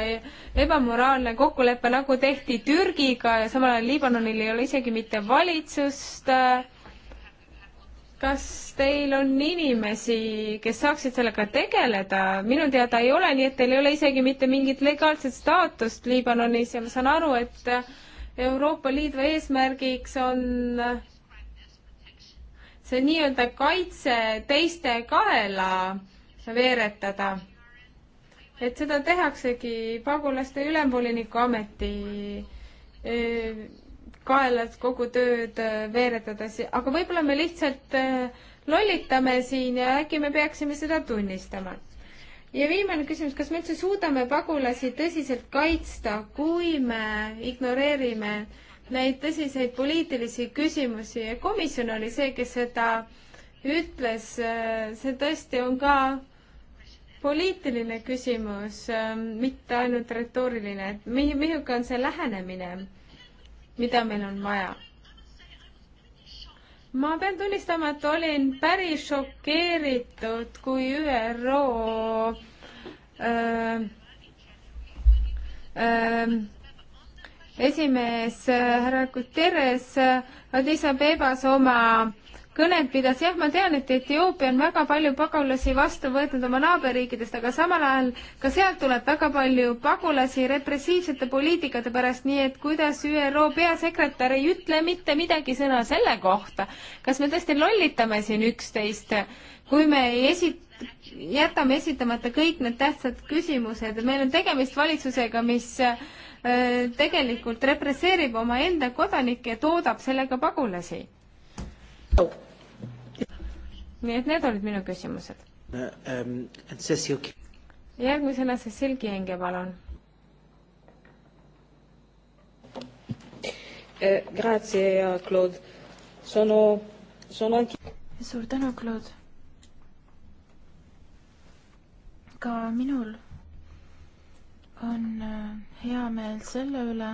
ebamoraalne kokkulepe, nagu tehti Türgiga ja samal ajal Liibanonil ei ole isegi mitte valitsust, kas teil on inimesi, kes saaksid sellega tegeleda? minu teada ei ole, nii et teil ei ole isegi mitte mingit legaalset staatust Liibanonis ja ma saan aru, et Euroopa Liidu eesmärgiks on see nii-öelda kaitse teiste kaela veeretada. et seda tehaksegi pagulaste ülemvoliniku ameti kaelas kogu tööd veeretades, aga võib-olla me lihtsalt lollitame siin ja äkki me peaksime seda tunnistama. ja viimane küsimus, kas me üldse suudame pagulasi tõsiselt kaitsta, kui me ignoreerime äh, neid tõsiseid poliitilisi küsimusi ja komisjon oli see, kes seda ütles, see tõesti on ka poliitiline küsimus, mitte ainult retooriline, et mi-, milline on see lähenemine, mida meil on vaja? ma pean tunnistama, et olin päris šokeeritud, kui ÜRO öö, äh, öö, äh, esimees äh, härra Guterres äh, Addis Abebas oma kõnet pidas, jah, ma tean, et Etioopia on väga palju pagulasi vastu võtnud oma naaberriikidest, aga samal ajal ka sealt tuleb väga palju pagulasi repressiivsete poliitikate pärast, nii et kuidas ÜRO peasekretär ei ütle mitte midagi sõna selle kohta, kas me tõesti lollitame siin üksteist, kui me ei esi-, jätame esitamata kõik need tähtsad küsimused, meil on tegemist valitsusega, mis Äh, tegelikult represseerib omaenda kodanikke ja toodab sellega pagulasi. nii et need olid minu küsimused. Äh, ähm, järgmisena Cecil Kienge, palun. Äh, grazie, Claude. Sono, sono anche... suur tänu, Claude. ka minul on äh, hea meel selle üle,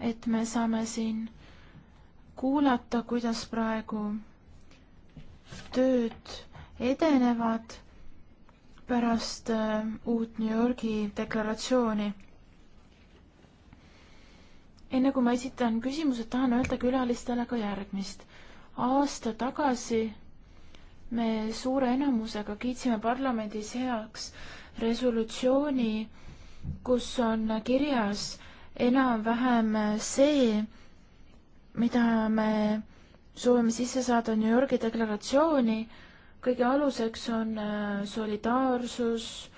et me saame siin kuulata, kuidas praegu tööd edenevad pärast äh, uut New Yorgi deklaratsiooni. enne kui ma esitan küsimused, tahan öelda külalistele ka järgmist. aasta tagasi me suure enamusega kiitsime parlamendis heaks resolutsiooni äh, kus on kirjas enam-vähem see, mida me soovime sisse saada New Yorgi deklaratsiooni, kõige aluseks on äh, solidaarsus,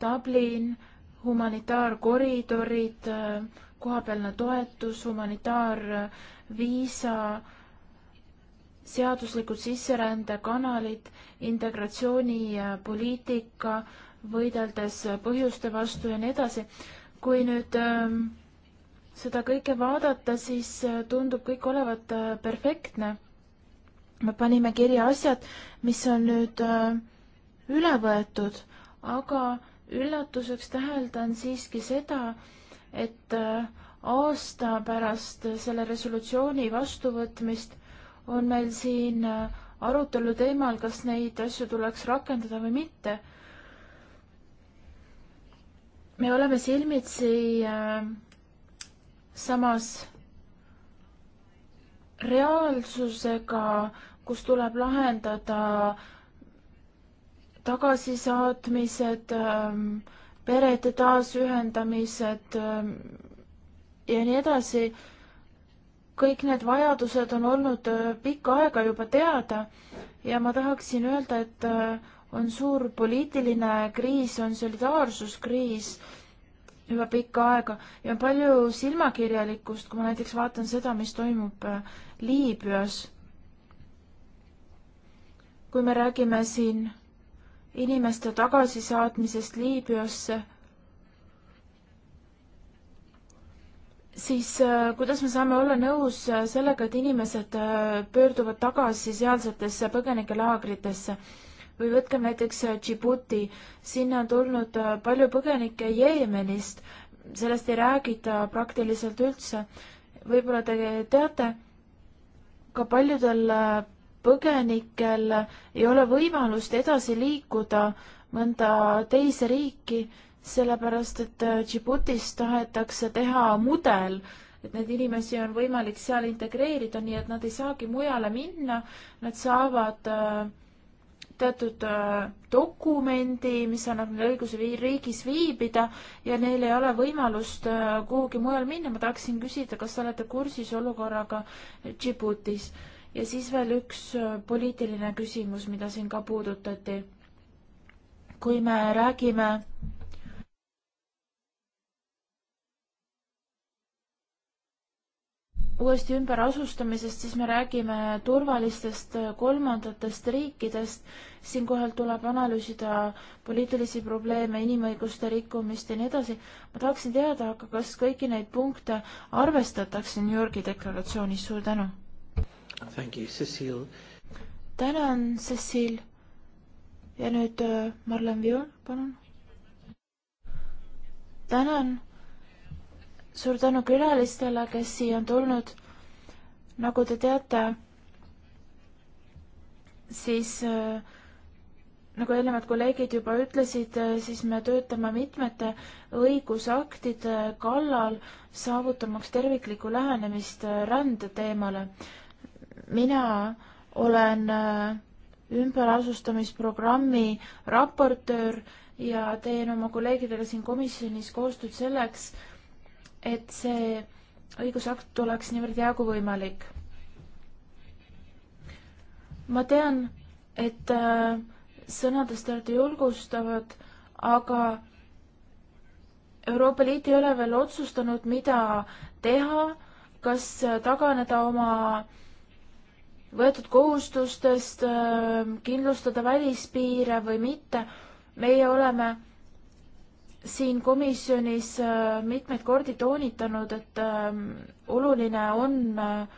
Dublin, humanitaarkoridorid, äh, kohapealne toetus, humanitaarviisa, seaduslikud sisserändekanalid, integratsioonipoliitika, võideldes põhjuste vastu ja nii edasi. kui nüüd ähm, seda kõike vaadata, siis äh, tundub kõik olevat äh, perfektne. me panime kirja asjad, mis on nüüd äh, üle võetud, aga üllatuseks täheldan siiski seda, et aasta pärast selle resolutsiooni vastuvõtmist on meil siin arutelu teemal, kas neid asju tuleks rakendada või mitte me oleme silmitsi äh, samas reaalsusega, kus tuleb lahendada tagasisaatmised äh,, perede taasühendamised äh, ja nii edasi. kõik need vajadused on olnud äh, pikka aega juba teada ja ma tahaksin öelda, et äh, on suur poliitiline kriis, on solidaarsuskriis juba pikka aega ja palju silmakirjalikkust, kui ma näiteks vaatan seda, mis toimub äh, Liibüas. kui me räägime siin inimeste tagasisaatmisest Liibüasse, siis äh, kuidas me saame olla nõus äh, sellega, et inimesed pöörduvad tagasi sealsetesse põgenikelaagritesse või võtkem näiteks äh, Djibouti, sinna on tulnud äh, palju põgenikke Jeemenist, sellest ei räägita praktiliselt üldse. võib-olla te teate, ka paljudel äh, põgenikel ei ole võimalust edasi liikuda mõnda teise riiki, sellepärast et Djiboutis tahetakse teha mudel, et neid inimesi on võimalik seal integreerida, nii et nad ei saagi mujale minna, nad saavad äh, teatud äh, dokumendi, mis annab neile õiguse riigis viibida ja neil ei ole võimalust äh, kuhugi mujal minna. ma tahaksin küsida, kas te olete kursis olukorraga Djiboutis? ja siis veel üks äh, poliitiline küsimus, mida siin ka puudutati. kui me räägime uuesti ümberasustamisest, siis me räägime turvalistest äh, kolmandatest riikidest. siinkohal tuleb analüüsida poliitilisi probleeme, inimõiguste rikkumist ja nii edasi. ma tahaksin teada, aga kas kõiki neid punkte arvestatakse New Yorgi deklaratsioonis, suur tänu! tänan, Cecil! ja nüüd äh, Marlen Viol, palun! tänan! suur tänu külalistele, kes siia on tulnud. nagu te teate, siis äh, nagu eelnevad kolleegid juba ütlesid, äh, siis me töötame mitmete õigusaktide kallal, saavutamaks terviklikku lähenemist äh, rändeteemale. mina olen ümberasustamisprogrammi raportöör ja teen oma kolleegidega siin komisjonis koostööd selleks, et see õigusakt oleks niivõrd hea kui võimalik. ma tean, et äh, sõnadest te olete julgustavad, aga Euroopa Liit ei ole veel otsustanud, mida teha, kas taganeda oma võetud kohustustest, äh, kindlustada välispiire või mitte. meie oleme siin komisjonis äh, mitmeid kordi toonitanud, et äh, oluline on äh,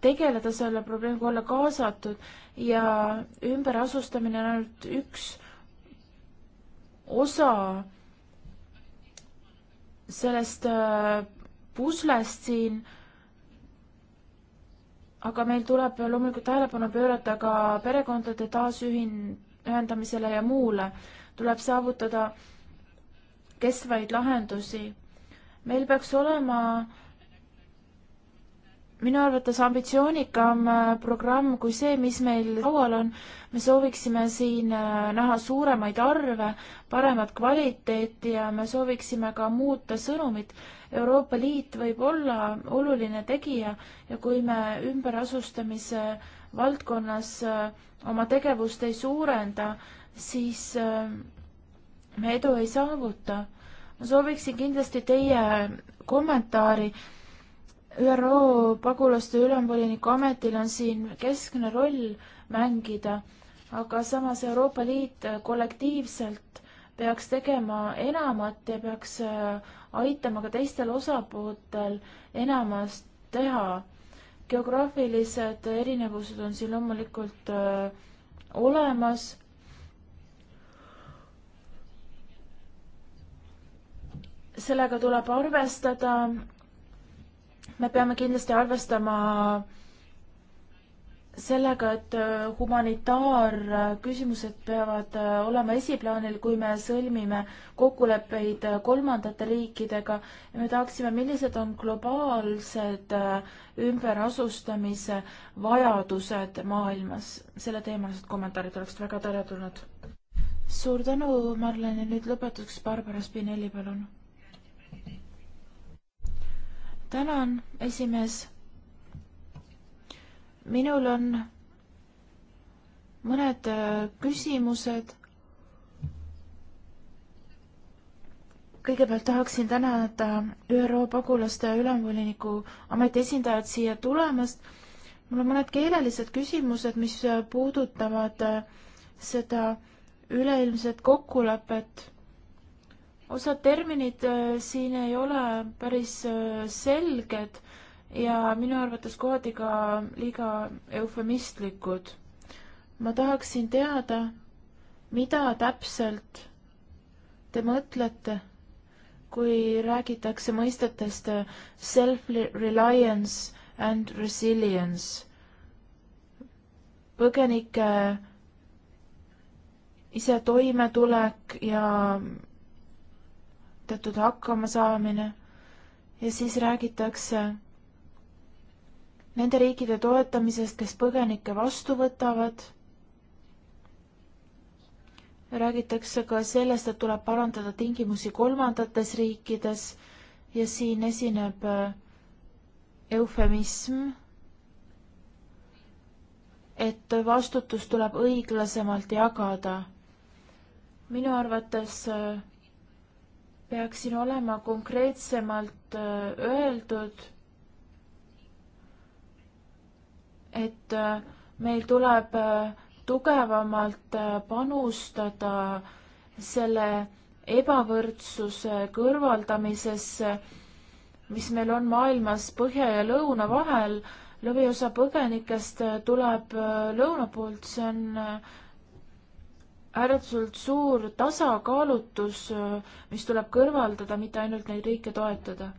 tegeleda selle probleemiga, olla kaasatud ja ümberasustamine on ainult üks osa sellest puslest siin aga meil tuleb loomulikult tähelepanu pöörata ka perekondade taasühin-, ühendamisele ja muule tuleb saavutada kestvaid lahendusi. meil peaks olema minu arvates ambitsioonikam äh, programm kui see, mis meil laual on. me sooviksime siin äh, näha suuremaid arve, paremat kvaliteeti ja me sooviksime ka muuta sõnumit. Euroopa Liit võib olla oluline tegija ja kui me ümberasustamise valdkonnas äh, oma tegevust ei suurenda, siis äh, me edu ei saavuta. ma sooviksin kindlasti teie kommentaari. ÜRO pagulaste ülemvoliniku ametil on siin keskne roll mängida, aga samas Euroopa Liit kollektiivselt peaks tegema enamat ja peaks äh, aitama ka teistel osapooltel enamast teha. geograafilised erinevused on siin loomulikult äh, olemas sellega tuleb arvestada. me peame kindlasti arvestama sellega, et humanitaarküsimused peavad olema esiplaanil, kui me sõlmime kokkuleppeid kolmandate riikidega ja me tahaksime, millised on globaalsed ümberasustamise vajadused maailmas. selleteemalised kommentaarid oleksid väga teretulnud. suur tänu, Marlen ja nüüd lõpetuseks Barbara Spinelli, palun tänan, esimees. minul on mõned äh, küsimused. kõigepealt tahaksin tänada ÜRO pagulaste ülemvoliniku ameti esindajat siia tulemast. mul on mõned keelelised küsimused, mis puudutavad äh, seda üleilmset kokkulepet osad terminid äh, siin ei ole päris äh, selged ja minu arvates kohati ka liiga eufemistlikud. ma tahaksin teada, mida täpselt te mõtlete, kui räägitakse mõistetest äh, self-reliance and resilience, põgenike ise toimetulek ja teatud hakkamasaamine ja siis räägitakse nende riikide toetamisest, kes põgenikke vastu võtavad. räägitakse ka sellest, et tuleb parandada tingimusi kolmandates riikides ja siin esineb äh, eufemism, et vastutus tuleb õiglasemalt jagada. minu arvates äh, peaks siin olema konkreetsemalt äh, öeldud, et äh, meil tuleb äh, tugevamalt panustada selle ebavõrdsuse kõrvaldamisesse, mis meil on maailmas põhja ja lõuna vahel. lõviosa põgenikest tuleb lõuna poolt, see on ääretult suur tasakaalutus, mis tuleb kõrvaldada, mitte ainult neid riike toetada.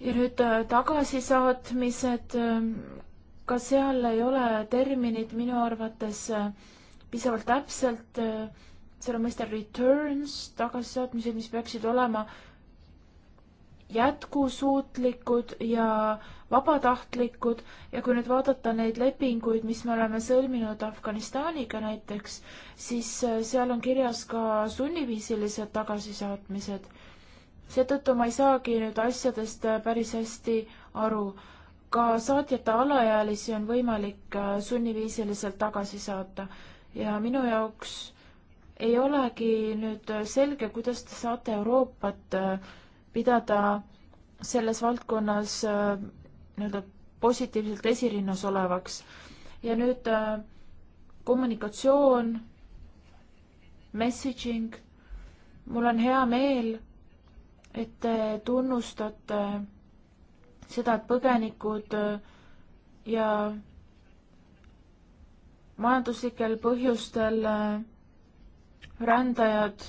ja nüüd äh, tagasisaatmised, ähm, ka seal ei ole terminid minu arvates äh, piisavalt täpselt, äh, seal on mõiste returns, tagasisaatmised, mis peaksid olema äh, jätkusuutlikud ja vabatahtlikud ja kui nüüd vaadata neid lepinguid, mis me oleme sõlminud Afganistaniga näiteks, siis äh, seal on kirjas ka sunniviisilised tagasisaatmised. seetõttu ma ei saagi nüüd asjadest äh, päris hästi aru. ka saatjate alaealisi on võimalik äh, sunniviisiliselt tagasi saata ja minu jaoks ei olegi nüüd selge, kuidas te saate Euroopat äh, pidada selles valdkonnas äh, nii-öelda positiivselt esirinnas olevaks. ja nüüd äh, kommunikatsioon, messaging, mul on hea meel, et te tunnustate seda, et põgenikud äh, ja majanduslikel põhjustel rändajad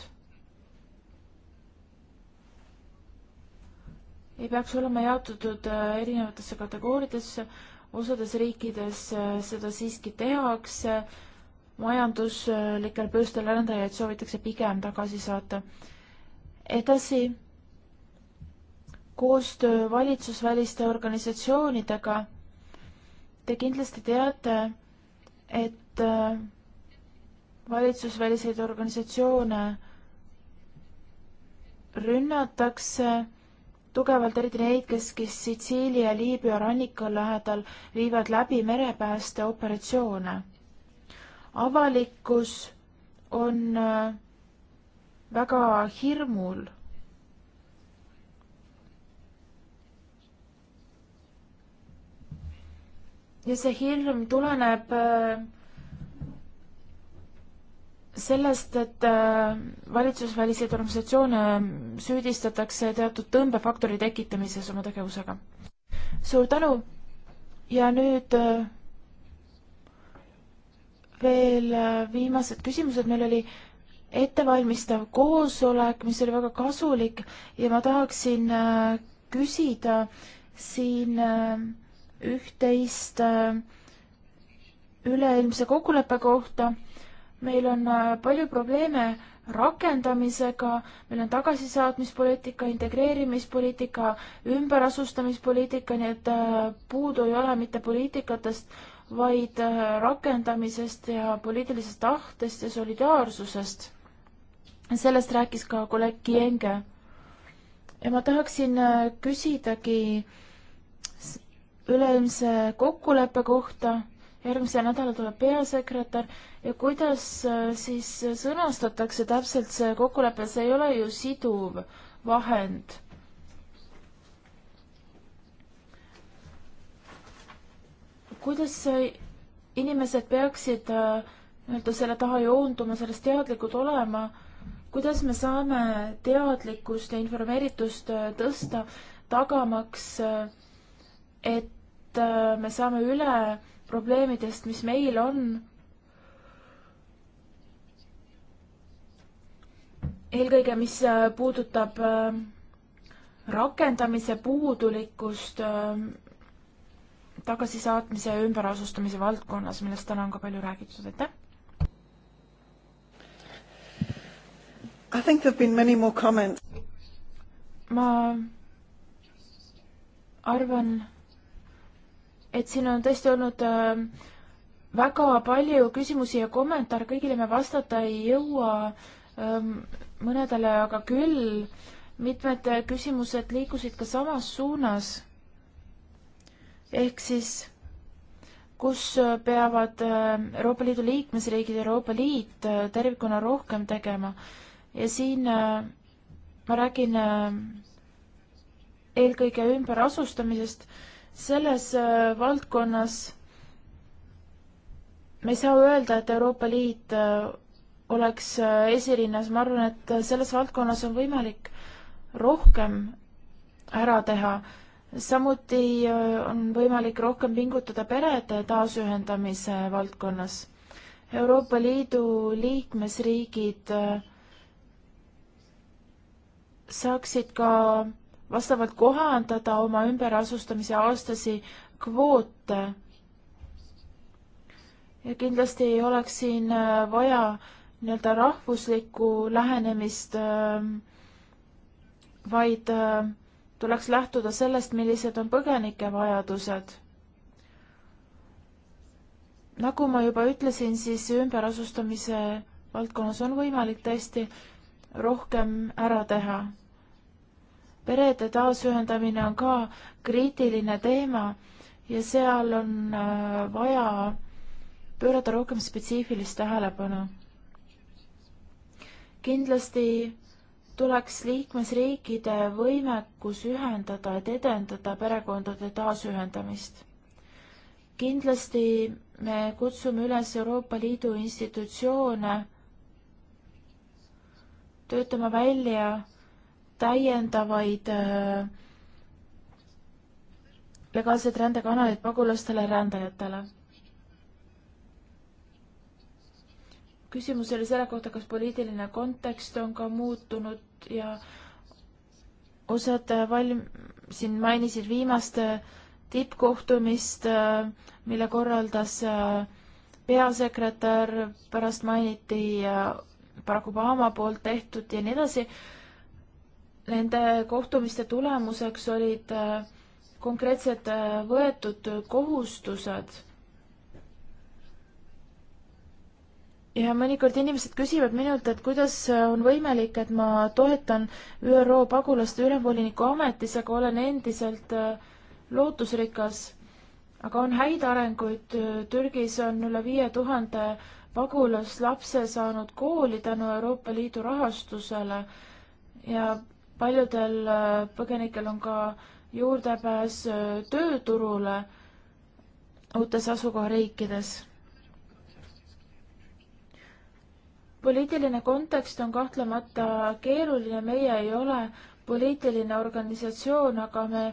ei peaks olema jaotatud äh, erinevatesse kategooriatesse, osades riikides äh, seda siiski tehakse, majanduslikel põhjustel rändajaid soovitakse pigem tagasi saata. edasi, koostöö valitsusväliste organisatsioonidega. Te kindlasti teate, et äh, valitsusväliseid organisatsioone rünnatakse tugevalt, eriti neid, kes, kes Sitsiilia, Liibüa ranniku lähedal viivad läbi merepäästeoperatsioone. avalikkus on äh, väga hirmul ja see hirm tuleneb äh, sellest, et äh, valitsusväliseid organisatsioone süüdistatakse teatud tõmbefaktori tekitamises oma tegevusega. suur tänu ja nüüd äh, veel äh, viimased küsimused, meil oli ettevalmistav koosolek, mis oli väga kasulik ja ma tahaksin küsida siin üht-teist üleilmse kokkuleppe kohta meil on äh, palju probleeme rakendamisega, meil on tagasisaatmispoliitika, integreerimispoliitika, ümberasustamispoliitika, nii et äh, puudu ei ole mitte poliitikatest, vaid äh, rakendamisest ja poliitilisest tahtest ja solidaarsusest. sellest rääkis ka kolleeg Kienge. ja ma tahaksin küsidagi üleilmse kokkuleppe kohta järgmise nädala tuleb peasekretär ja kuidas äh, siis sõnastatakse täpselt see kokkulepe, see ei ole ju siduv vahend. kuidas inimesed peaksid äh, nii-öelda selle taha joonduma, sellest teadlikud olema, kuidas me saame teadlikkust ja informeeritust äh, tõsta, tagamaks, et me saame üle probleemidest, mis meil on. eelkõige, mis äh, puudutab äh, rakendamise puudulikkust äh, tagasisaatmise ja ümberasustamise valdkonnas, millest täna on ka palju räägitud, aitäh! I think there have been many more comments. ma arvan, et siin on tõesti olnud äh, väga palju küsimusi ja kommentaare, kõigile me vastata ei jõua, ähm, mõnedele aga küll. mitmed äh, küsimused liikusid ka samas suunas. ehk siis, kus äh, peavad Euroopa Liidu liikmesriigid ja Euroopa Liit tervikuna rohkem tegema ja siin ma räägin eelkõige ümberasustamisest selles äh, valdkonnas me ei saa öelda, et Euroopa Liit äh, oleks äh, esirinnas, ma arvan, et selles valdkonnas on võimalik rohkem ära teha. samuti on võimalik rohkem pingutada perede taasühendamise valdkonnas. Euroopa Liidu liikmesriigid saaksid ka vastavalt kohandada oma ümberasustamise aastasi kvoote. ja kindlasti ei oleks siin äh, vaja nii-öelda rahvuslikku lähenemist, ähm, vaid äh, tuleks lähtuda sellest, millised on põgenike vajadused. nagu ma juba ütlesin, siis ümberasustamise valdkonnas on võimalik tõesti rohkem ära teha perede taasühendamine on ka kriitiline teema ja seal on äh, vaja pöörata rohkem spetsiifilist tähelepanu. kindlasti tuleks liikmesriikide võimekus ühendada, et edendada perekondade taasühendamist. kindlasti me kutsume üles Euroopa Liidu institutsioone töötama välja täiendavaid äh, legaalseid rändekanaleid pagulastele ja rändajatele. küsimus oli selle kohta, kas poliitiline kontekst on ka muutunud ja osad äh, valm-, siin mainisid viimast tippkohtumist, äh, mille korraldas peasekretär, pärast mainiti Barack Obama poolt tehtud ja nii edasi Nende kohtumiste tulemuseks olid äh, konkreetsed äh, võetud kohustused. ja mõnikord inimesed küsivad minult, et kuidas on võimalik, et ma toetan ÜRO pagulaste ülemvoliniku ametis, aga olen endiselt äh, lootusrikas. aga on häid arenguid, Türgis on üle viie tuhande pagulaslapse saanud kooli tänu Euroopa Liidu rahastusele ja paljudel äh, põgenikel on ka juurdepääs äh, tööturule uutes asukohariikides. poliitiline kontekst on kahtlemata keeruline, meie ei ole poliitiline organisatsioon, aga me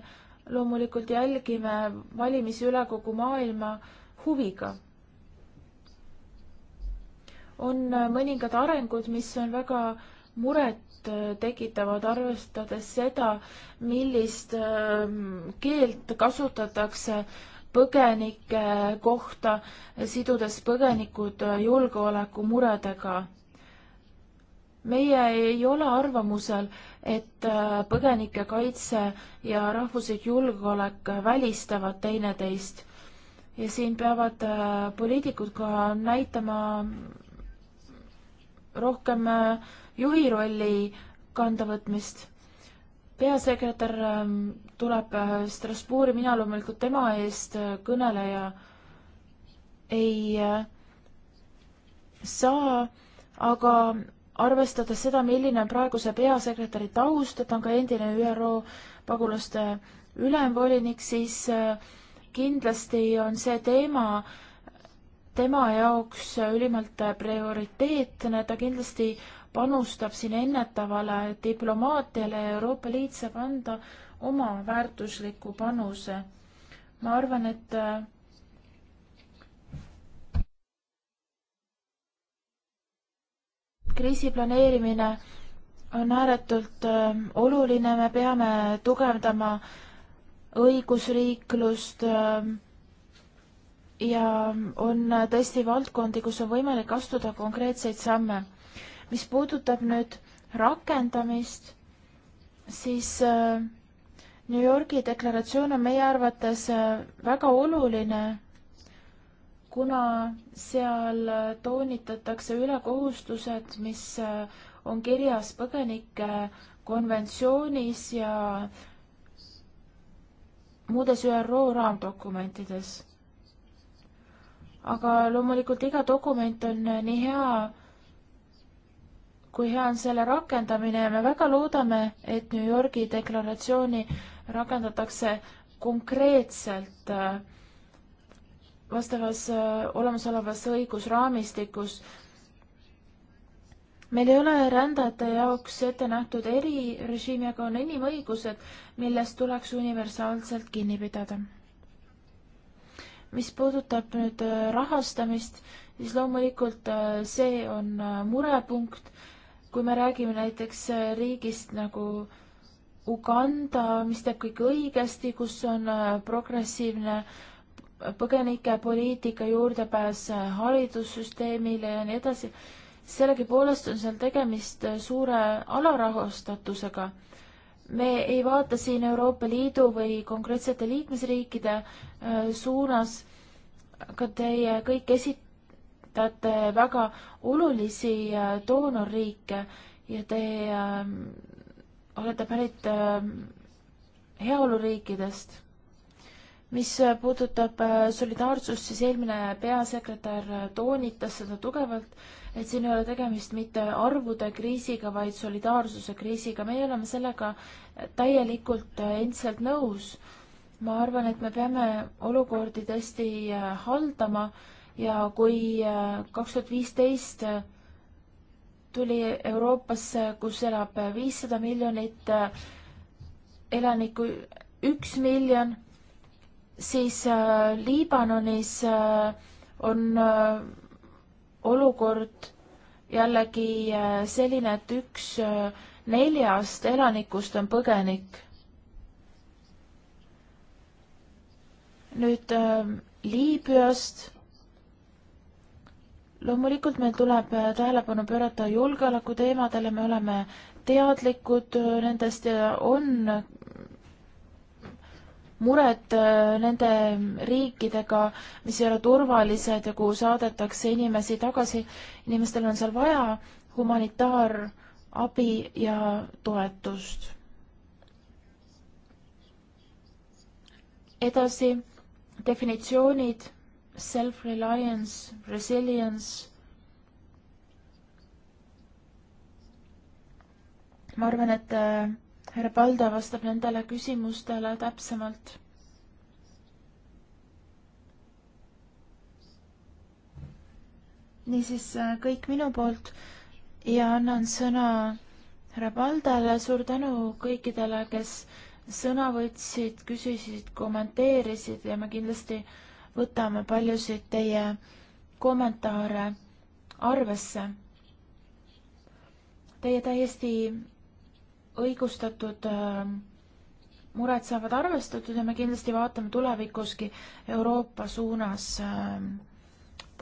loomulikult jälgime valimisi üle kogu maailma huviga on äh, mõningad arengud, mis on väga muret Äh, tekitavad, arvestades seda, millist ähm, keelt kasutatakse põgenike kohta, sidudes põgenikud äh, julgeolekumuredega. meie ei ole arvamusel, et äh, põgenike kaitse ja rahvuslik julgeolek välistavad teineteist. ja siin peavad poliitikud ka näitama rohkem juhi rolli kandavõtmist. peasekretär ähm, tuleb äh, Strasbourgi, mina loomulikult tema eest äh, kõneleja ei äh, saa, aga arvestades seda, milline on praeguse peasekretäri taust, et on ka endine ÜRO pagulaste ülemvolinik, siis kindlasti on see teema tema jaoks ülimalt prioriteetne, ta kindlasti panustab siin ennetavale diplomaatiale ja Euroopa Liit saab anda oma väärtusliku panuse. ma arvan, et äh, kriisi planeerimine on ääretult äh, oluline, me peame tugevdama õigusriiklust äh, ja on tõesti valdkondi, kus on võimalik astuda konkreetseid samme mis puudutab nüüd rakendamist, siis äh, New Yorgi deklaratsioon on meie arvates äh, väga oluline, kuna seal äh, toonitatakse üle kohustused, mis äh, on kirjas põgenike äh, konventsioonis ja muudes ÜRO raamdokumentides. aga loomulikult iga dokument on äh, nii hea kui hea on selle rakendamine ja me väga loodame, et New Yorgi deklaratsiooni rakendatakse konkreetselt äh, vastavas äh, olemasolevas õigusraamistikus. meil ei ole rändajate jaoks ette nähtud erirežiimi, aga on inimõigused, millest tuleks universaalselt kinni pidada. mis puudutab nüüd äh, rahastamist, siis loomulikult see on murepunkt kui me räägime näiteks äh, riigist nagu Uganda, mis teeb kõik õigesti, kus on äh, progressiivne põgenikepoliitika, juurdepääs äh, haridussüsteemile ja nii edasi, sellegipoolest on seal tegemist suure alarahastatusega. me ei vaata siin Euroopa Liidu või konkreetsete liikmesriikide suunas, aga teie kõik esit-, toetate väga olulisi äh, doonorriike ja te äh, olete pärit äh, heaoluriikidest. mis äh, puudutab äh, solidaarsust, siis eelmine peasekretär äh, toonitas seda tugevalt, et siin ei ole tegemist mitte arvude kriisiga, vaid solidaarsuse kriisiga. meie oleme sellega täielikult äh, endiselt nõus. ma arvan, et me peame olukordi tõesti äh, haldama äh, ja kui äh, kaks tuhat viisteist äh, tuli Euroopasse, kus elab äh, viissada miljonit elanikku, üks miljon, siis Liibanonis on olukord jällegi selline, et üks neljast elanikust on põgenik. nüüd Liibüast loomulikult meil tuleb äh, tähelepanu pöörata julgeoleku teemadele, me oleme teadlikud äh, nendest ja on äh, mured nende riikidega, mis ei ole turvalised ja kuhu saadetakse inimesi tagasi. inimestel on seal vaja humanitaarabi ja toetust. edasi definitsioonid self-reliance, resilience. ma arvan, et äh, härra Palda vastab nendele küsimustele täpsemalt. niisiis äh, kõik minu poolt ja annan sõna härra Paldale, suur tänu kõikidele, kes sõna võtsid, küsisid, kommenteerisid ja me kindlasti äh, võtame paljusid teie kommentaare arvesse. Teie täiesti õigustatud äh, mured saavad arvestatud ja me kindlasti vaatame tulevikuski Euroopa suunas äh,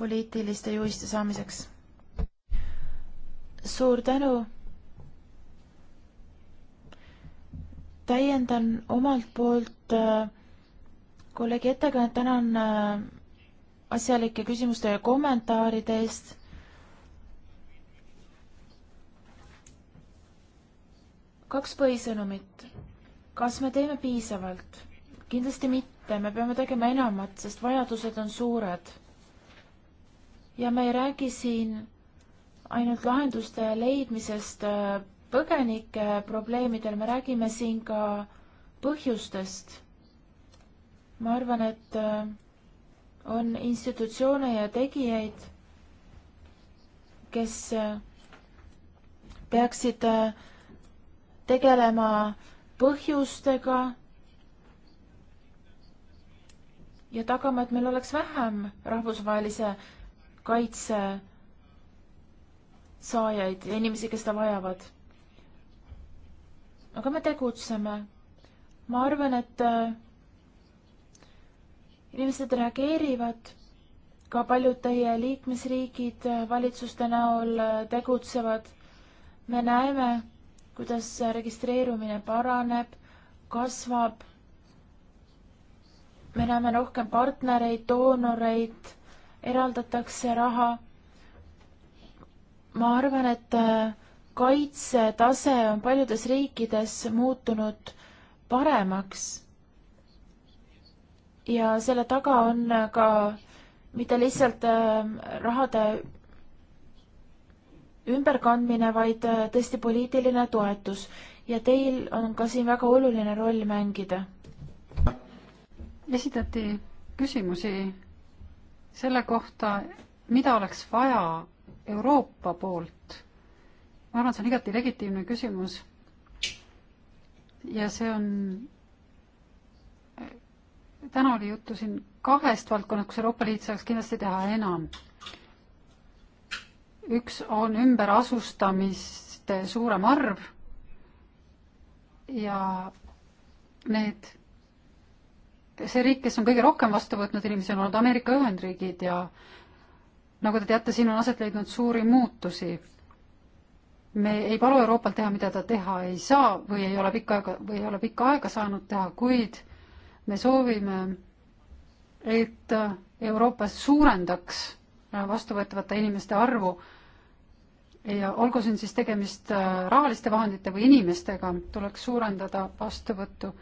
poliitiliste juhiste saamiseks. suur tänu. täiendan omalt poolt äh, kolleegi ettekandjat tänan äh, asjalike küsimuste ja kommentaaride eest. kaks põhisõnumit. kas me teeme piisavalt? kindlasti mitte, me peame tegema enamat, sest vajadused on suured. ja me ei räägi siin ainult lahenduste leidmisest äh, põgenike probleemidel, me räägime siin ka põhjustest ma arvan, et äh, on institutsioone ja tegijaid, kes äh, peaksid äh, tegelema põhjustega ja tagama, et meil oleks vähem rahvusvahelise kaitse saajaid ja inimesi, kes seda vajavad. aga me tegutseme. ma arvan, et inimesed reageerivad, ka paljud teie liikmesriigid äh, valitsuste näol äh, tegutsevad. me näeme, kuidas registreerumine paraneb, kasvab. me näeme rohkem partnereid, doonoreid, eraldatakse raha. ma arvan, et äh, kaitsetase on paljudes riikides muutunud paremaks ja selle taga on ka mitte lihtsalt ähm, rahade ümberkandmine, vaid äh, tõesti poliitiline toetus ja teil on ka siin väga oluline roll mängida. esitati küsimusi selle kohta, mida oleks vaja Euroopa poolt. ma arvan, et see on igati legitiimne küsimus. ja see on täna oli juttu siin kahest valdkonnast, kus Euroopa Liit saaks kindlasti teha enam. üks on ümberasustamiste suurem arv ja need, see riik, kes on kõige rohkem vastu võtnud inimesi, on olnud Ameerika Ühendriigid ja nagu te teate, siin on aset leidnud suuri muutusi. me ei palu Euroopal teha, mida ta teha ei saa või ei ole pikka aega, või ei ole pikka aega saanud teha, kuid me soovime, et Euroopas suurendaks vastuvõetavate inimeste arvu ja olgu siin siis tegemist äh, rahaliste vahendite või inimestega, tuleks suurendada vastuvõttu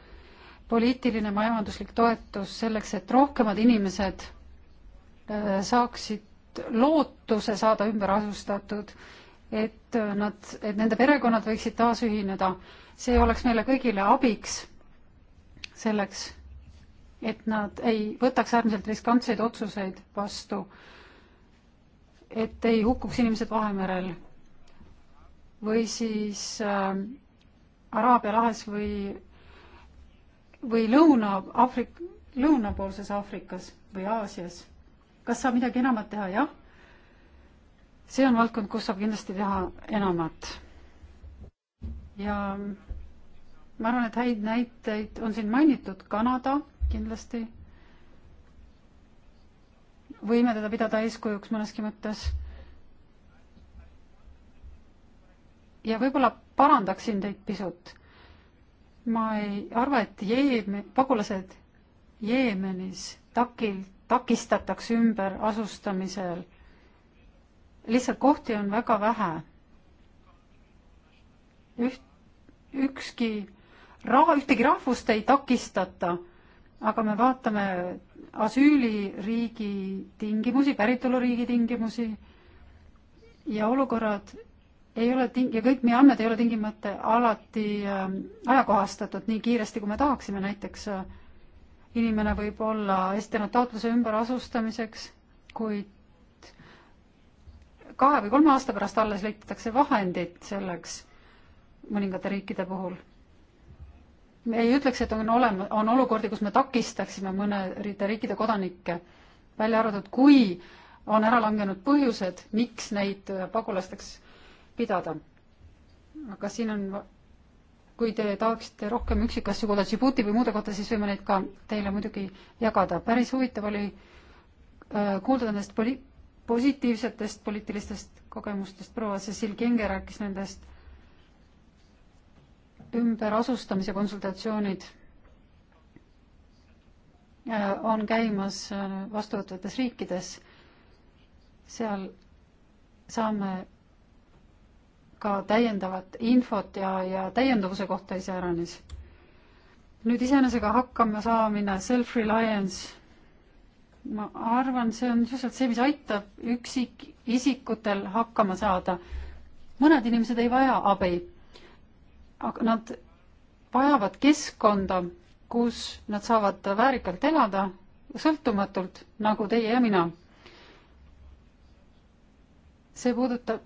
poliitiline majanduslik toetus selleks, et rohkemad inimesed äh, saaksid lootuse saada ümber asustatud, et äh, nad, et nende perekonnad võiksid taas ühineda. see oleks meile kõigile abiks selleks, et nad ei võtaks äärmiselt riskantseid otsuseid vastu, et ei hukkuks inimesed Vahemerel või siis äh, Araabia lahes või, või Lõuna-Aafrik-, lõunapoolses Aafrikas või Aasias. kas saab midagi enamat teha? jah. see on valdkond, kus saab kindlasti teha enamat. ja ma arvan, et häid näiteid on siin mainitud, Kanada kindlasti võime teda pidada eeskujuks mõneski mõttes. ja võib-olla parandaksin teid pisut. ma ei arva, et Jeemen, pagulased Jeemenis takil, takistatakse ümberasustamisel. lihtsalt kohti on väga vähe. üht, ükski raha, ühtegi rahvust ei takistata aga me vaatame asüüliriigi tingimusi, päritoluriigi tingimusi ja olukorrad ei ole ting- ja kõik meie andmed ei ole tingimata alati äh, ajakohastatud nii kiiresti, kui me tahaksime, näiteks äh, inimene võib olla esitanud taotluse ümberasustamiseks, kuid kahe või kolme aasta pärast alles leitatakse vahendid selleks mõningate riikide puhul me ei ütleks, et on olema, on olukordi, kus me takistaksime mõnede riikide kodanikke, välja arvatud, kui on ära langenud põhjused, miks neid äh, pagulasteks pidada. aga siin on, kui te tahaksite rohkem üksikasju kuulda Djibouti või muude kohta, siis võime neid ka teile muidugi jagada. päris huvitav oli äh, kuulda nendest poli-, positiivsetest poliitilistest kogemustest, proua Cecil Kinge rääkis nendest ümberasustamise konsultatsioonid äh, on käimas äh, vastuvõtvates riikides. seal saame ka täiendavat infot ja, ja täienduvuse kohta iseäranis. nüüd iseenesega hakkama saamine, self-reliance, ma arvan, see on lihtsalt see, mis aitab üksikisikutel hakkama saada. mõned inimesed ei vaja abi nad vajavad keskkonda, kus nad saavad väärikalt elada, sõltumatult, nagu teie ja mina. see puudutab,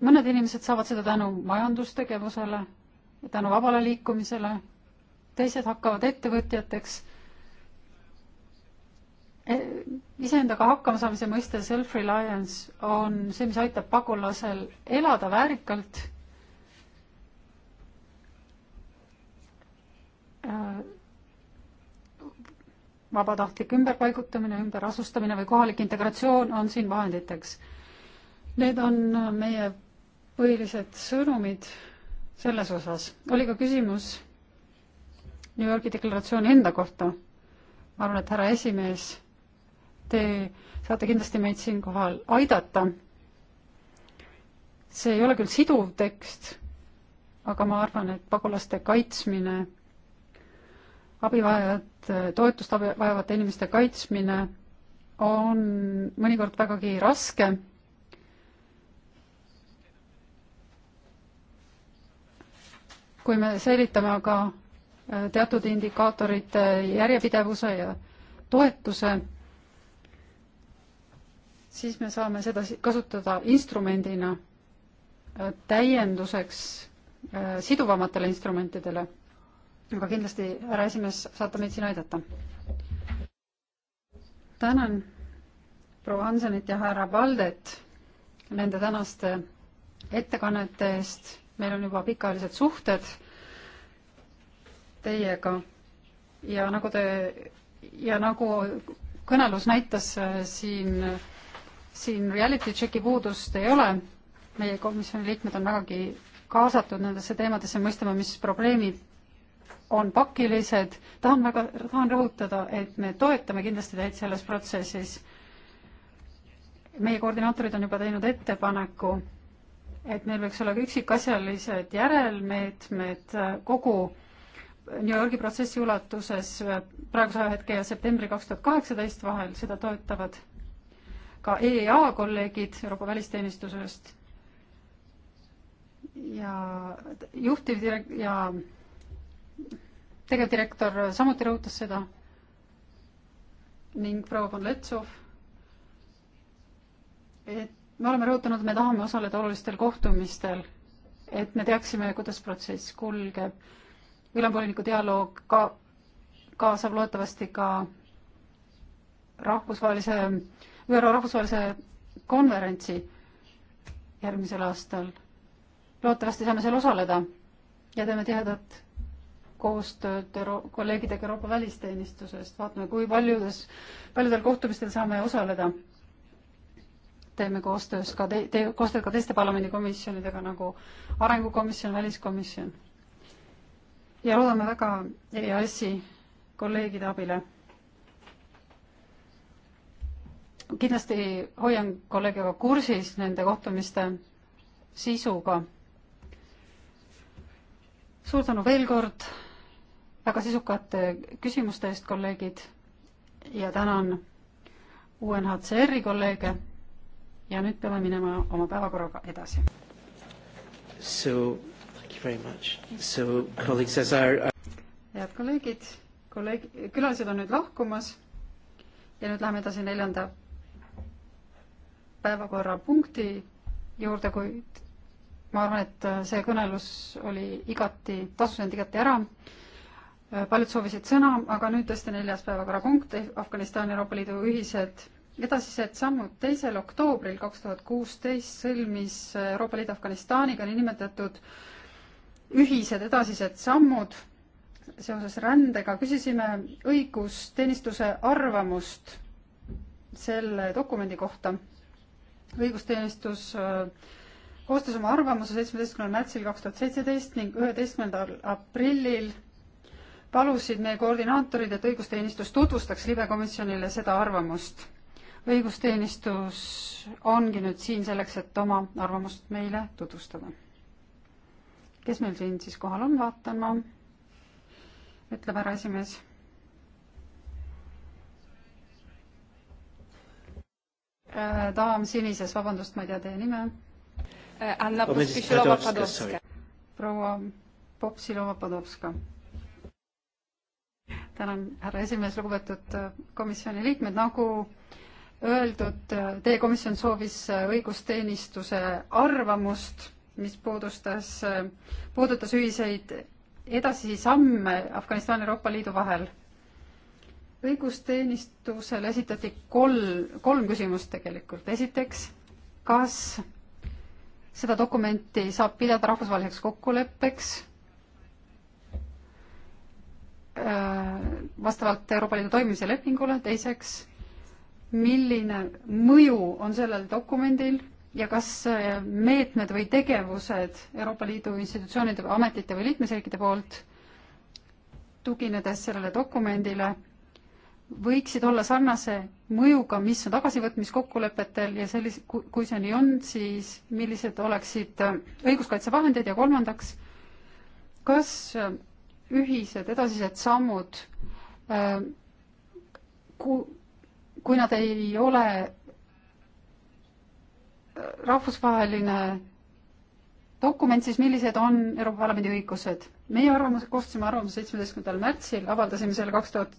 mõned inimesed saavad seda tänu majandustegevusele, tänu vabale liikumisele, teised hakkavad ettevõtjateks e, iseendaga hakkamasaamise mõiste self-reliance on see, mis aitab pagulasel elada väärikalt Äh, vabatahtlik ümberpaigutamine, ümberasustamine või kohalik integratsioon on siin vahenditeks. Need on äh, meie põhilised sõnumid selles osas. oli ka küsimus New Yorgi deklaratsiooni enda kohta. ma arvan, et härra esimees, te saate kindlasti meid siinkohal aidata. see ei ole küll siduv tekst, aga ma arvan, et pagulaste kaitsmine abivajajad, toetust abi vajavate inimeste kaitsmine on mõnikord vägagi raske. kui me säilitame aga äh, teatud indikaatorite järjepidevuse ja toetuse, siis me saame seda kasutada instrumendina äh, täienduseks äh, siduvamatele instrumentidele aga kindlasti, härra esimees, saate meid siin aidata. tänan proua Hansenit ja härra Valdet nende tänaste ettekannete eest. meil on juba pikaajalised suhted teiega ja nagu te ja nagu kõnelus näitas, äh, siin, siin reality checki puudust ei ole. meie komisjoni liikmed on vägagi kaasatud nendesse teemadesse, mõistame, mis probleemid on pakilised, tahan väga, tahan rõhutada, et me toetame kindlasti teid selles protsessis. meie koordinaatorid on juba teinud ettepaneku, et meil võiks olla ka üksikasjalised järelmeetmed kogu New Yorgi protsessi ulatuses praeguse ajahetke ja septembri kaks tuhat kaheksateist vahel, seda toetavad ka EEA kolleegid Euroopa välisteenistusest ja juhtiv direk- ja tegevdirektor samuti rõhutas seda ning proua von Letsov, et me oleme rõhutanud, et me tahame osaleda olulistel kohtumistel, et me teaksime, kuidas protsess kulgeb. ülemvoliniku dialoog ka, kaasab loodetavasti ka rahvusvahelise, ÜRO rahvusvahelise konverentsi järgmisel aastal. loodetavasti saame seal osaleda ja teeme tihedat koostööd Euro kolleegidega Euroopa välisteenistusest, vaatame, kui paljudes, paljudel kohtumistel saame osaleda. teeme koostöös ka te-, te-, koostööd ka teiste parlamendikomisjonidega, nagu Arengukomisjon, Väliskomisjon. ja loodame väga EAS-i kolleegide abile. kindlasti hoian kolleegiga kursis nende kohtumiste sisuga suur tänu veel kord väga sisukate äh, küsimuste eest, kolleegid, ja tänan UNHCR-i kolleege ja nüüd peame minema oma päevakorraga edasi. So thank you very much. So colleagues as our head kolleegid, kolleeg, külalised on nüüd lahkumas ja nüüd läheme edasi neljanda päevakorrapunkti juurde, kuid ma arvan, et äh, see kõnelus oli igati, tasus end igati ära Äh, paljud soovisid sõna, aga nüüd tõesti neljas päevakorrapunkt, eh, Afganistan Euroopa Liidu ühised edasised sammud. teisel oktoobril kaks tuhat kuusteist sõlmis äh, Euroopa Liit Afganistaniga niinimetatud ühised edasised sammud seoses rändega. küsisime õigusteenistuse arvamust selle dokumendi kohta. õigusteenistus äh, koostas oma arvamuse seitsmeteistkümnendal märtsil kaks tuhat seitseteist ning üheteistkümnendal aprillil palusid meie koordinaatorid, et õigusteenistus tutvustaks libekomisjonile seda arvamust. õigusteenistus ongi nüüd siin selleks, et oma arvamust meile tutvustada. kes meil siin siis kohal on, vaatan ma, ütleb härra esimees äh, daam sinises, vabandust, ma ei tea teie nime. Äh, Anna Pospisilova-Padovska. proua Popsilova-Padovska tänan, härra esimees, lugupeetud äh, komisjoni liikmed, nagu öeldud, äh, teie komisjon soovis äh, õigusteenistuse arvamust, mis puudustas, puudutas ühiseid edasisi samme Afganistani ja Euroopa Liidu vahel. õigusteenistusele esitati kolm, kolm küsimust tegelikult. esiteks, kas seda dokumenti saab pidada rahvusvaheliseks kokkuleppeks Äh, vastavalt Euroopa Liidu toimimise lepingule, teiseks, milline mõju on sellel dokumendil ja kas äh, meetmed või tegevused Euroopa Liidu institutsioonide, ametite või liikmesriikide poolt, tuginedes sellele dokumendile, võiksid olla sarnase mõjuga, mis on tagasivõtmiskokkulepetel ja sellis-, kui see nii on, siis millised oleksid äh, õiguskaitsevahendid ja kolmandaks, kas ühised edasised sammud, äh, ku-, kui nad ei ole äh, rahvusvaheline dokument, siis millised on Euroopa Parlamendi õigused? meie arvamuse, koostasime arvamuse seitsmeteistkümnendal märtsil, avaldasime selle kaks tuhat,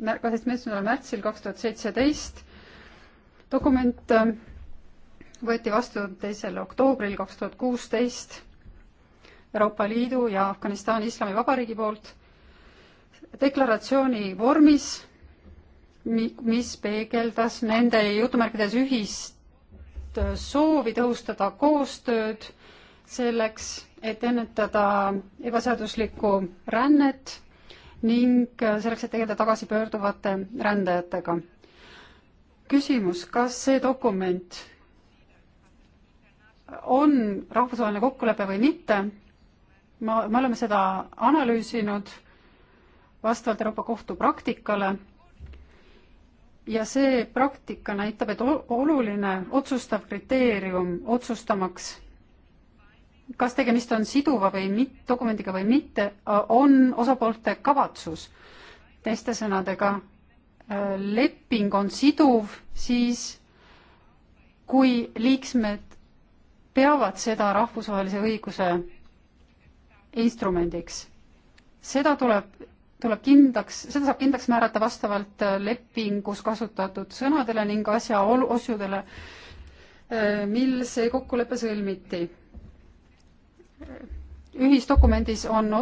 seitsmendal märtsil kaks tuhat seitseteist, dokument äh, võeti vastu teisel oktoobril kaks tuhat kuusteist Euroopa Liidu ja Afganistani Islamivabariigi poolt deklaratsiooni vormis, mis peegeldas nende jutumärkides ühist soovi tõhustada koostööd selleks, et ennetada ebaseaduslikku rännet ning selleks, et tegeleda tagasipöörduvate rändajatega. küsimus, kas see dokument on rahvusvaheline kokkulepe või mitte, ma, me oleme seda analüüsinud vastavalt Euroopa Kohtu praktikale ja see praktika näitab, et oluline otsustav kriteerium otsustamaks, kas tegemist on siduva või mit-, dokumendiga või mitte, on osapoolte kavatsus. teiste sõnadega, leping on siduv siis, kui liikmed peavad seda rahvusvahelise õiguse instrumendiks. seda tuleb, tuleb kindlaks, seda saab kindlaks määrata vastavalt äh, lepingus kasutatud sõnadele ning asjaolu, osjudele, äh, mil see kokkulepe sõlmiti. ühisdokumendis on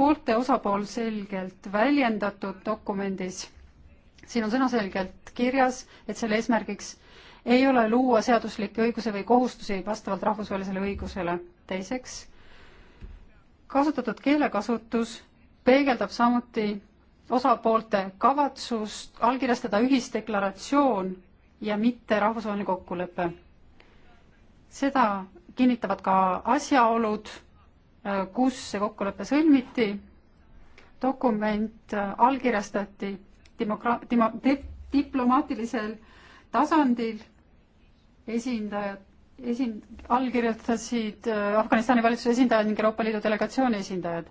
poolte osapool selgelt väljendatud dokumendis. siin on sõnaselgelt kirjas, et selle eesmärgiks ei ole luua seaduslikke õigusi või kohustusi vastavalt rahvusvahelisele õigusele. teiseks kasutatud keelekasutus peegeldab samuti osapoolte kavatsust allkirjastada ühisdeklaratsioon ja mitte rahvusvaheline kokkulepe. seda kinnitavad ka asjaolud, äh, kus see kokkulepe sõlmiti, dokument äh, allkirjastati demokra-, dima-, diplomaatilisel tasandil esindajad esin-, allkirjutasid äh, Afganistani valitsuse esindajad ning Euroopa Liidu delegatsiooni esindajad.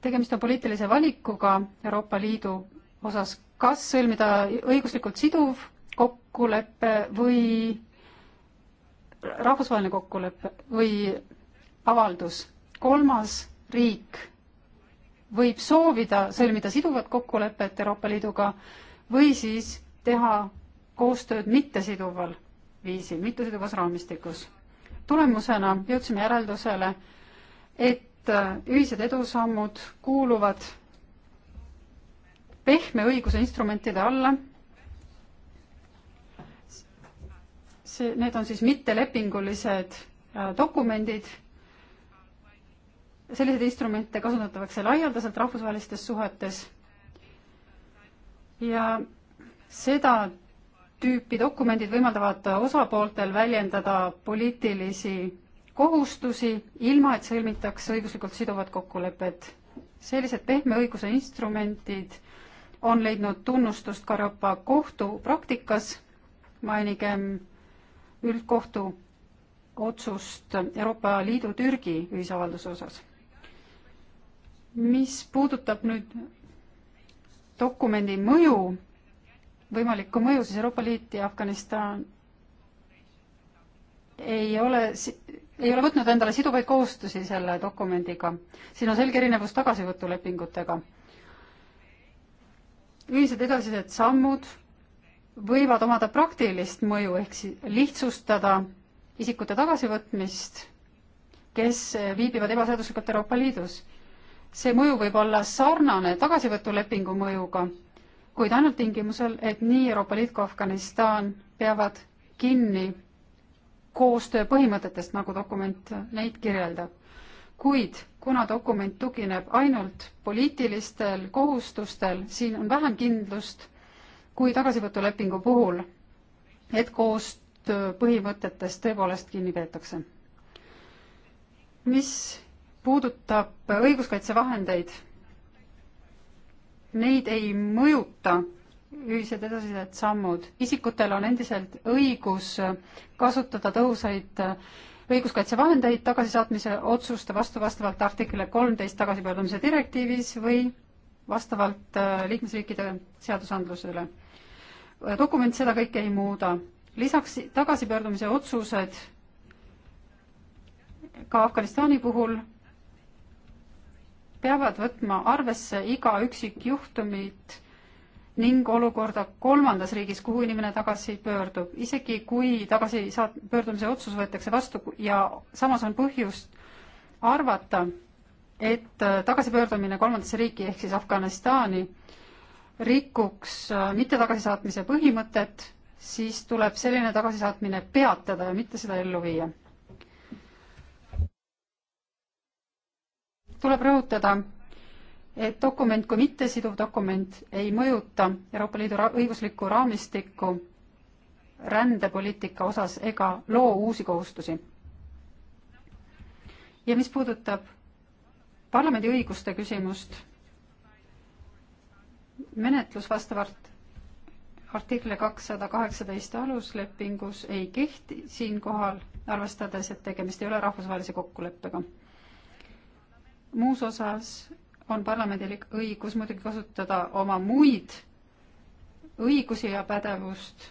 tegemist on poliitilise valikuga Euroopa Liidu osas, kas sõlmida õiguslikult siduv kokkulepe või rahvusvaheline kokkulepe või avaldus. kolmas riik võib soovida sõlmida siduvat kokkulepet Euroopa Liiduga või siis teha koostööd mittesiduval viisil, mittesõiduvas raamistikus. tulemusena jõudsime järeldusele, et äh, ühised edusammud kuuluvad pehme õiguse instrumentide alla. see, need on siis mittelepingulised äh, dokumendid. selliseid instrumente kasutatakse laialdaselt rahvusvahelistes suhetes. ja seda tüüpi dokumendid võimaldavad osapooltel väljendada poliitilisi kohustusi, ilma et sõlmitaks õiguslikult siduvad kokkulepped. sellised pehme õiguse instrumentid on leidnud tunnustust ka Euroopa Kohtu praktikas, mainigem üldkohtu otsust Euroopa Liidu Türgi ühisavalduse osas. mis puudutab nüüd dokumendi mõju võimalikku mõju, siis Euroopa Liit ja Afganistan ei ole, ei ole võtnud endale siduvaid kohustusi selle dokumendiga. siin on selge erinevus tagasivõtulepingutega. ühised edasised sammud võivad omada praktilist mõju, ehk siis lihtsustada isikute tagasivõtmist, kes viibivad ebaseaduslikult Euroopa Liidus. see mõju võib olla sarnane tagasivõtulepingu mõjuga kuid ainult tingimusel, et nii Euroopa Liit kui Afganistan peavad kinni koostöö põhimõtetest, nagu dokument neid kirjeldab. kuid kuna dokument tugineb ainult poliitilistel kohustustel, siin on vähem kindlust kui tagasivõtulepingu puhul, et koostöö põhimõtetest tõepoolest kinni peetakse. mis puudutab õiguskaitsevahendeid neid ei mõjuta ühised edasised sammud. isikutel on endiselt õigus kasutada tõhusaid õiguskaitsevahendeid tagasisaatmise otsuste vastu vastavalt artiklile kolmteist tagasipöördumise direktiivis või vastavalt äh, liikmesriikide seadusandlusele. dokument seda kõike ei muuda. lisaks tagasipöördumise otsused ka Afganistani puhul peavad võtma arvesse iga üksikjuhtumit ning olukorda kolmandas riigis, kuhu inimene tagasi pöördub. isegi kui tagasi saat-, pöördumise otsus võetakse vastu ja samas on põhjust arvata, et äh, tagasipöördumine kolmandasse riiki ehk siis Afganistani rikuks äh, mitte tagasisaatmise põhimõtet, siis tuleb selline tagasisaatmine peatada ja mitte seda ellu viia tuleb rõhutada, et dokument kui mittesiduv dokument ei mõjuta Euroopa Liidu ra õiguslikku raamistikku rändepoliitika osas ega loo uusi kohustusi. ja mis puudutab parlamendi õiguste küsimust, menetlus vastavalt artikli kakssada kaheksateist aluslepingus ei kehti siinkohal, arvestades, et tegemist ei ole rahvusvahelise kokkuleppega muus osas on parlamendil õigus muidugi kasutada oma muid õigusi ja pädevust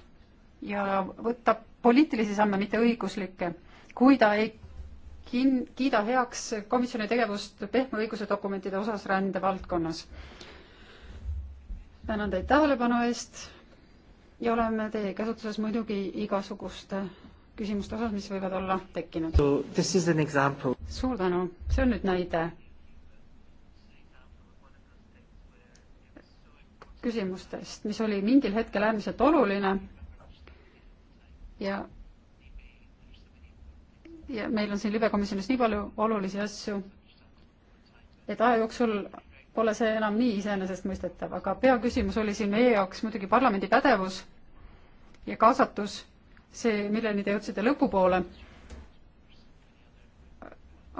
ja võtta poliitilisi samme, mitte õiguslikke, kui ta ei kin-, kiida heaks komisjoni tegevust pehme õiguse dokumentide osas rändevaldkonnas. tänan teid tähelepanu eest ja oleme teie käsutuses muidugi igasuguste küsimuste osas, mis võivad olla tekkinud. suur tänu, see on nüüd näide küsimustest, mis oli mingil hetkel äärmiselt oluline ja ja meil on siin libekomisjonis nii palju olulisi asju, et aja jooksul pole see enam nii iseenesestmõistetav, aga peaküsimus oli siin meie jaoks muidugi parlamendi pädevus ja kaasatus, see, milleni te jõudsite lõpupoole,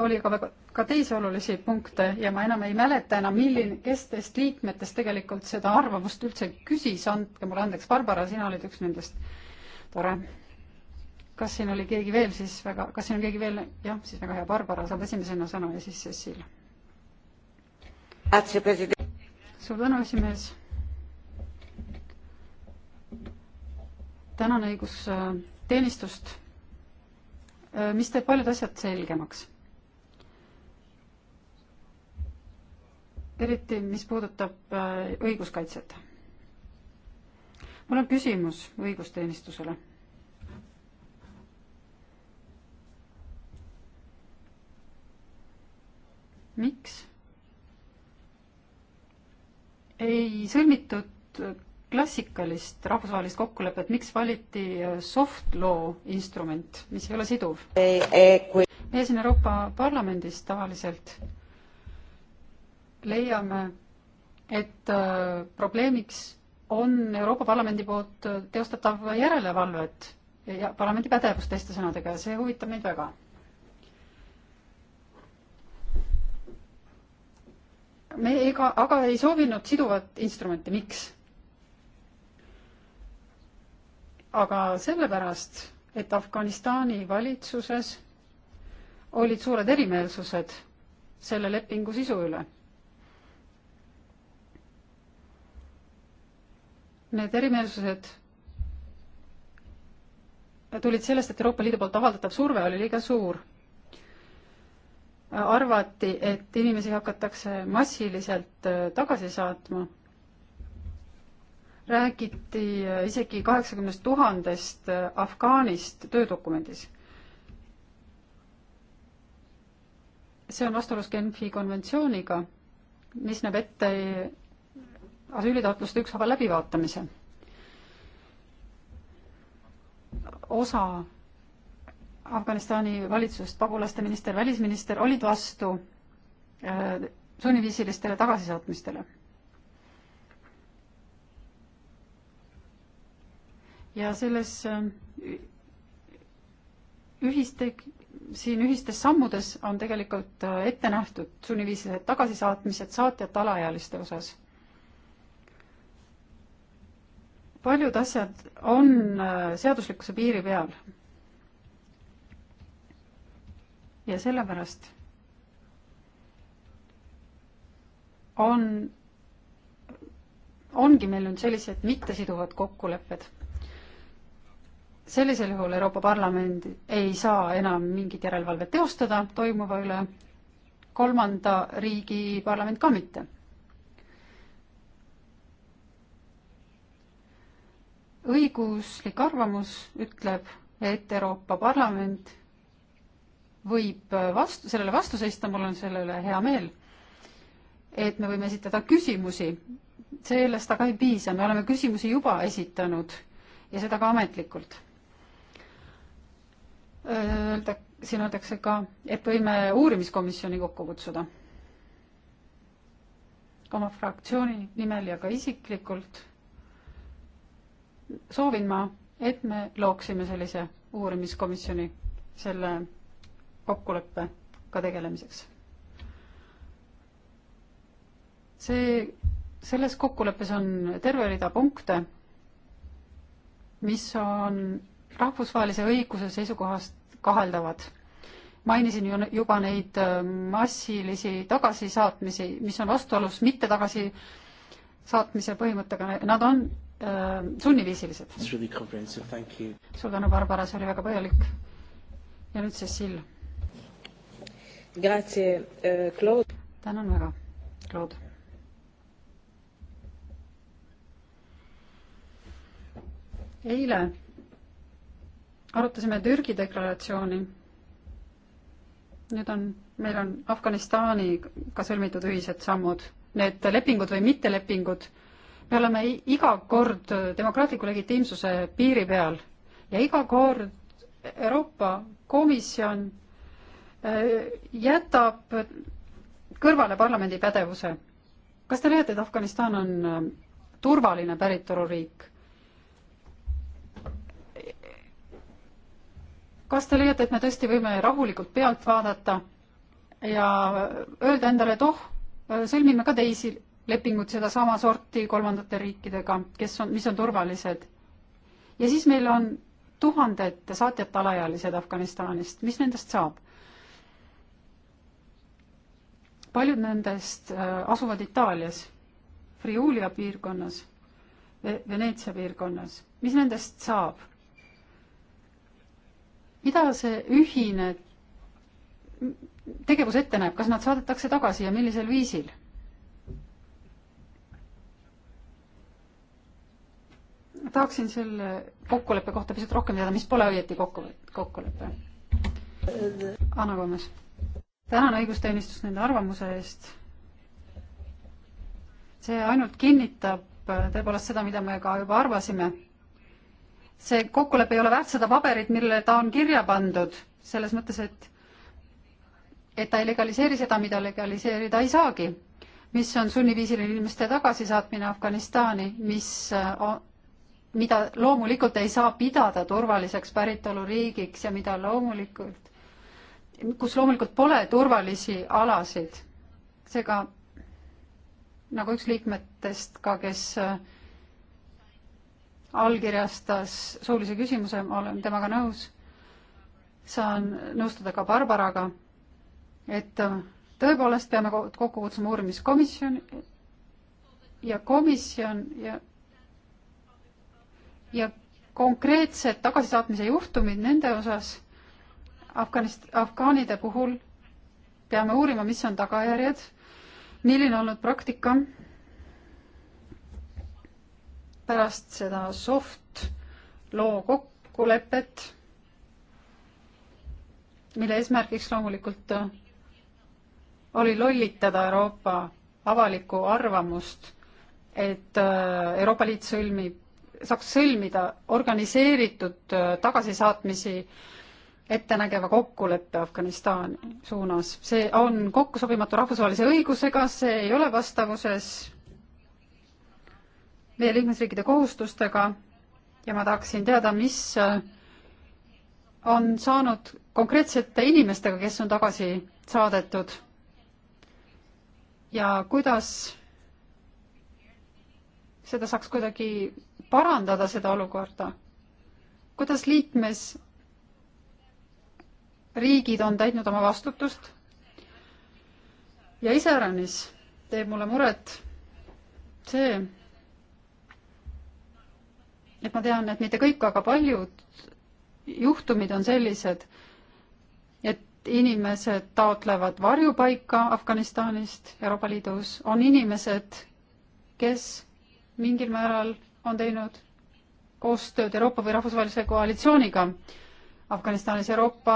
oli ka väga ka teisi olulisi punkte ja ma enam ei mäleta enam, milline, kes teist liikmetest tegelikult seda arvamust üldse küsis, andke mulle andeks, Barbara, sina olid üks nendest. tore. kas siin oli keegi veel siis väga, kas siin on keegi veel, jah, siis väga hea, Barbara saab esimesena sõna ja siis Cecil. suur tänu, esimees. tänan õigusteenistust, mis teeb paljud asjad selgemaks eriti mis puudutab äh, õiguskaitset. mul on küsimus õigusteenistusele. miks ei sõlmitud klassikalist rahvusvahelist kokkulepet, miks valiti äh, soft law instrument, mis ei ole siduv? meie siin Euroopa Parlamendis tavaliselt leiame, et äh, probleemiks on Euroopa Parlamendi poolt teostatav järelevalve, et ja parlamendi pädevus teiste sõnadega ja see huvitab meid väga. me ega, aga ei soovinud siduvat instrumenti, miks? aga sellepärast, et Afganistani valitsuses olid suured erimeelsused selle lepingu sisu üle Need erimeelsused tulid sellest, et Euroopa Liidu poolt avaldatav surve oli liiga suur. arvati, et inimesi hakatakse massiliselt äh, tagasi saatma. räägiti äh, isegi kaheksakümnest tuhandest äh, Afgaanist töödokumendis. see on vastuolus Genfi konventsiooniga, mis näeb ette asüülitaotluste ükshaaval läbivaatamise. osa Afganistani valitsust, pagulaste minister, välisminister olid vastu äh, sunniviisilistele tagasisaatmistele. ja selles äh, ühiste, siin ühistes sammudes on tegelikult äh, ette nähtud sunniviisilised tagasisaatmised saatjate alaealiste osas paljud asjad on äh, seaduslikkuse piiri peal. ja sellepärast on, ongi meil nüüd sellised mittesiduvad kokkulepped. sellisel juhul Euroopa Parlament ei saa enam mingit järelevalvet teostada toimuva üle, kolmanda riigi parlament ka mitte õiguslik arvamus ütleb, et Euroopa Parlament võib vastu, sellele vastu seista, mul on selle üle hea meel, et me võime esitada küsimusi. sellest aga ei piisa, me oleme küsimusi juba esitanud ja seda ka ametlikult. Öelda, siin öeldakse ka, et võime uurimiskomisjoni kokku kutsuda. oma fraktsiooni nimel ja ka isiklikult soovin ma, et me looksime sellise uurimiskomisjoni selle kokkuleppega tegelemiseks. see, selles kokkuleppes on terve rida punkte, mis on rahvusvahelise õiguse seisukohast kaheldavad. mainisin ju juba neid äh, massilisi tagasisaatmisi, mis on vastuolus mitte tagasisaatmise põhimõttega, nad on Äh, sunniviisilised. suur tänu, Barbara, see oli väga põhjalik. ja nüüd Cecil. Äh, tänan väga, Claude. eile arutasime Türgi deklaratsiooni. nüüd on, meil on Afganistaniga sõlmitud ühised sammud, need lepingud või mittelepingud me oleme iga kord demokraatliku legitiimsuse piiri peal ja iga kord Euroopa Komisjon äh, jätab kõrvale parlamendi pädevuse. kas te leiate, et Afganistan on äh, turvaline päritoluriik? kas te leiate, et me tõesti võime rahulikult pealt vaadata ja öelda endale, et oh, äh, sõlmime ka teisi lepingut sedasama sorti kolmandate riikidega, kes on, mis on turvalised. ja siis meil on tuhanded saatjata alaealised Afganistanist, mis nendest saab? paljud nendest äh, asuvad Itaalias, Friulia piirkonnas, Veneetsia piirkonnas, mis nendest saab? mida see ühine tegevus ette näeb, kas nad saadetakse tagasi ja millisel viisil? tahaksin selle kokkuleppe kohta pisut rohkem teada, mis pole õieti kokku, kokkulepe. Anna Komes. tänan õigusteenistust nende arvamuse eest. see ainult kinnitab äh, tõepoolest seda, mida me ka juba arvasime. see kokkulepe ei ole väärt seda paberit, millele ta on kirja pandud, selles mõttes, et et ta ei legaliseeri seda, mida legaliseerida ei saagi mis on sunniviisiline inimeste tagasisaatmine Afganistani, mis äh, mida loomulikult ei saa pidada turvaliseks päritoluriigiks ja mida loomulikult, kus loomulikult pole turvalisi alasid. seega nagu üks liikmetest ka, kes äh, allkirjastas suulise küsimuse, ma olen temaga nõus, saan nõustuda ka Barbaraga, et äh, tõepoolest peame kokku kutsuma uurimiskomisjoni ja komisjon ja ja konkreetsed tagasisaatmise juhtumid nende osas Afganist-, afgaanide puhul peame uurima, mis on tagajärjed, milline olnud praktika pärast seda soft loo kokkulepet, mille eesmärgiks loomulikult oli lollitada Euroopa avalikku arvamust, et äh, Euroopa Liit sõlmib saaks sõlmida organiseeritud äh, tagasisaatmisi ettenägeva kokkuleppe Afganistani suunas. see on kokkusobimatu rahvusvahelise õigusega, see ei ole vastavuses meie liikmesriikide kohustustega ja ma tahaksin teada, mis äh, on saanud konkreetsete inimestega, kes on tagasi saadetud ja kuidas seda saaks kuidagi parandada seda olukorda? kuidas liikmesriigid on täitnud oma vastutust? ja iseäranis teeb mulle muret see, et ma tean, et mitte kõik, aga paljud juhtumid on sellised, et inimesed taotlevad varjupaika Afganistanist, Euroopa Liidus, on inimesed, kes mingil määral on teinud koostööd Euroopa või rahvusvahelise koalitsiooniga Afganistanis Euroopa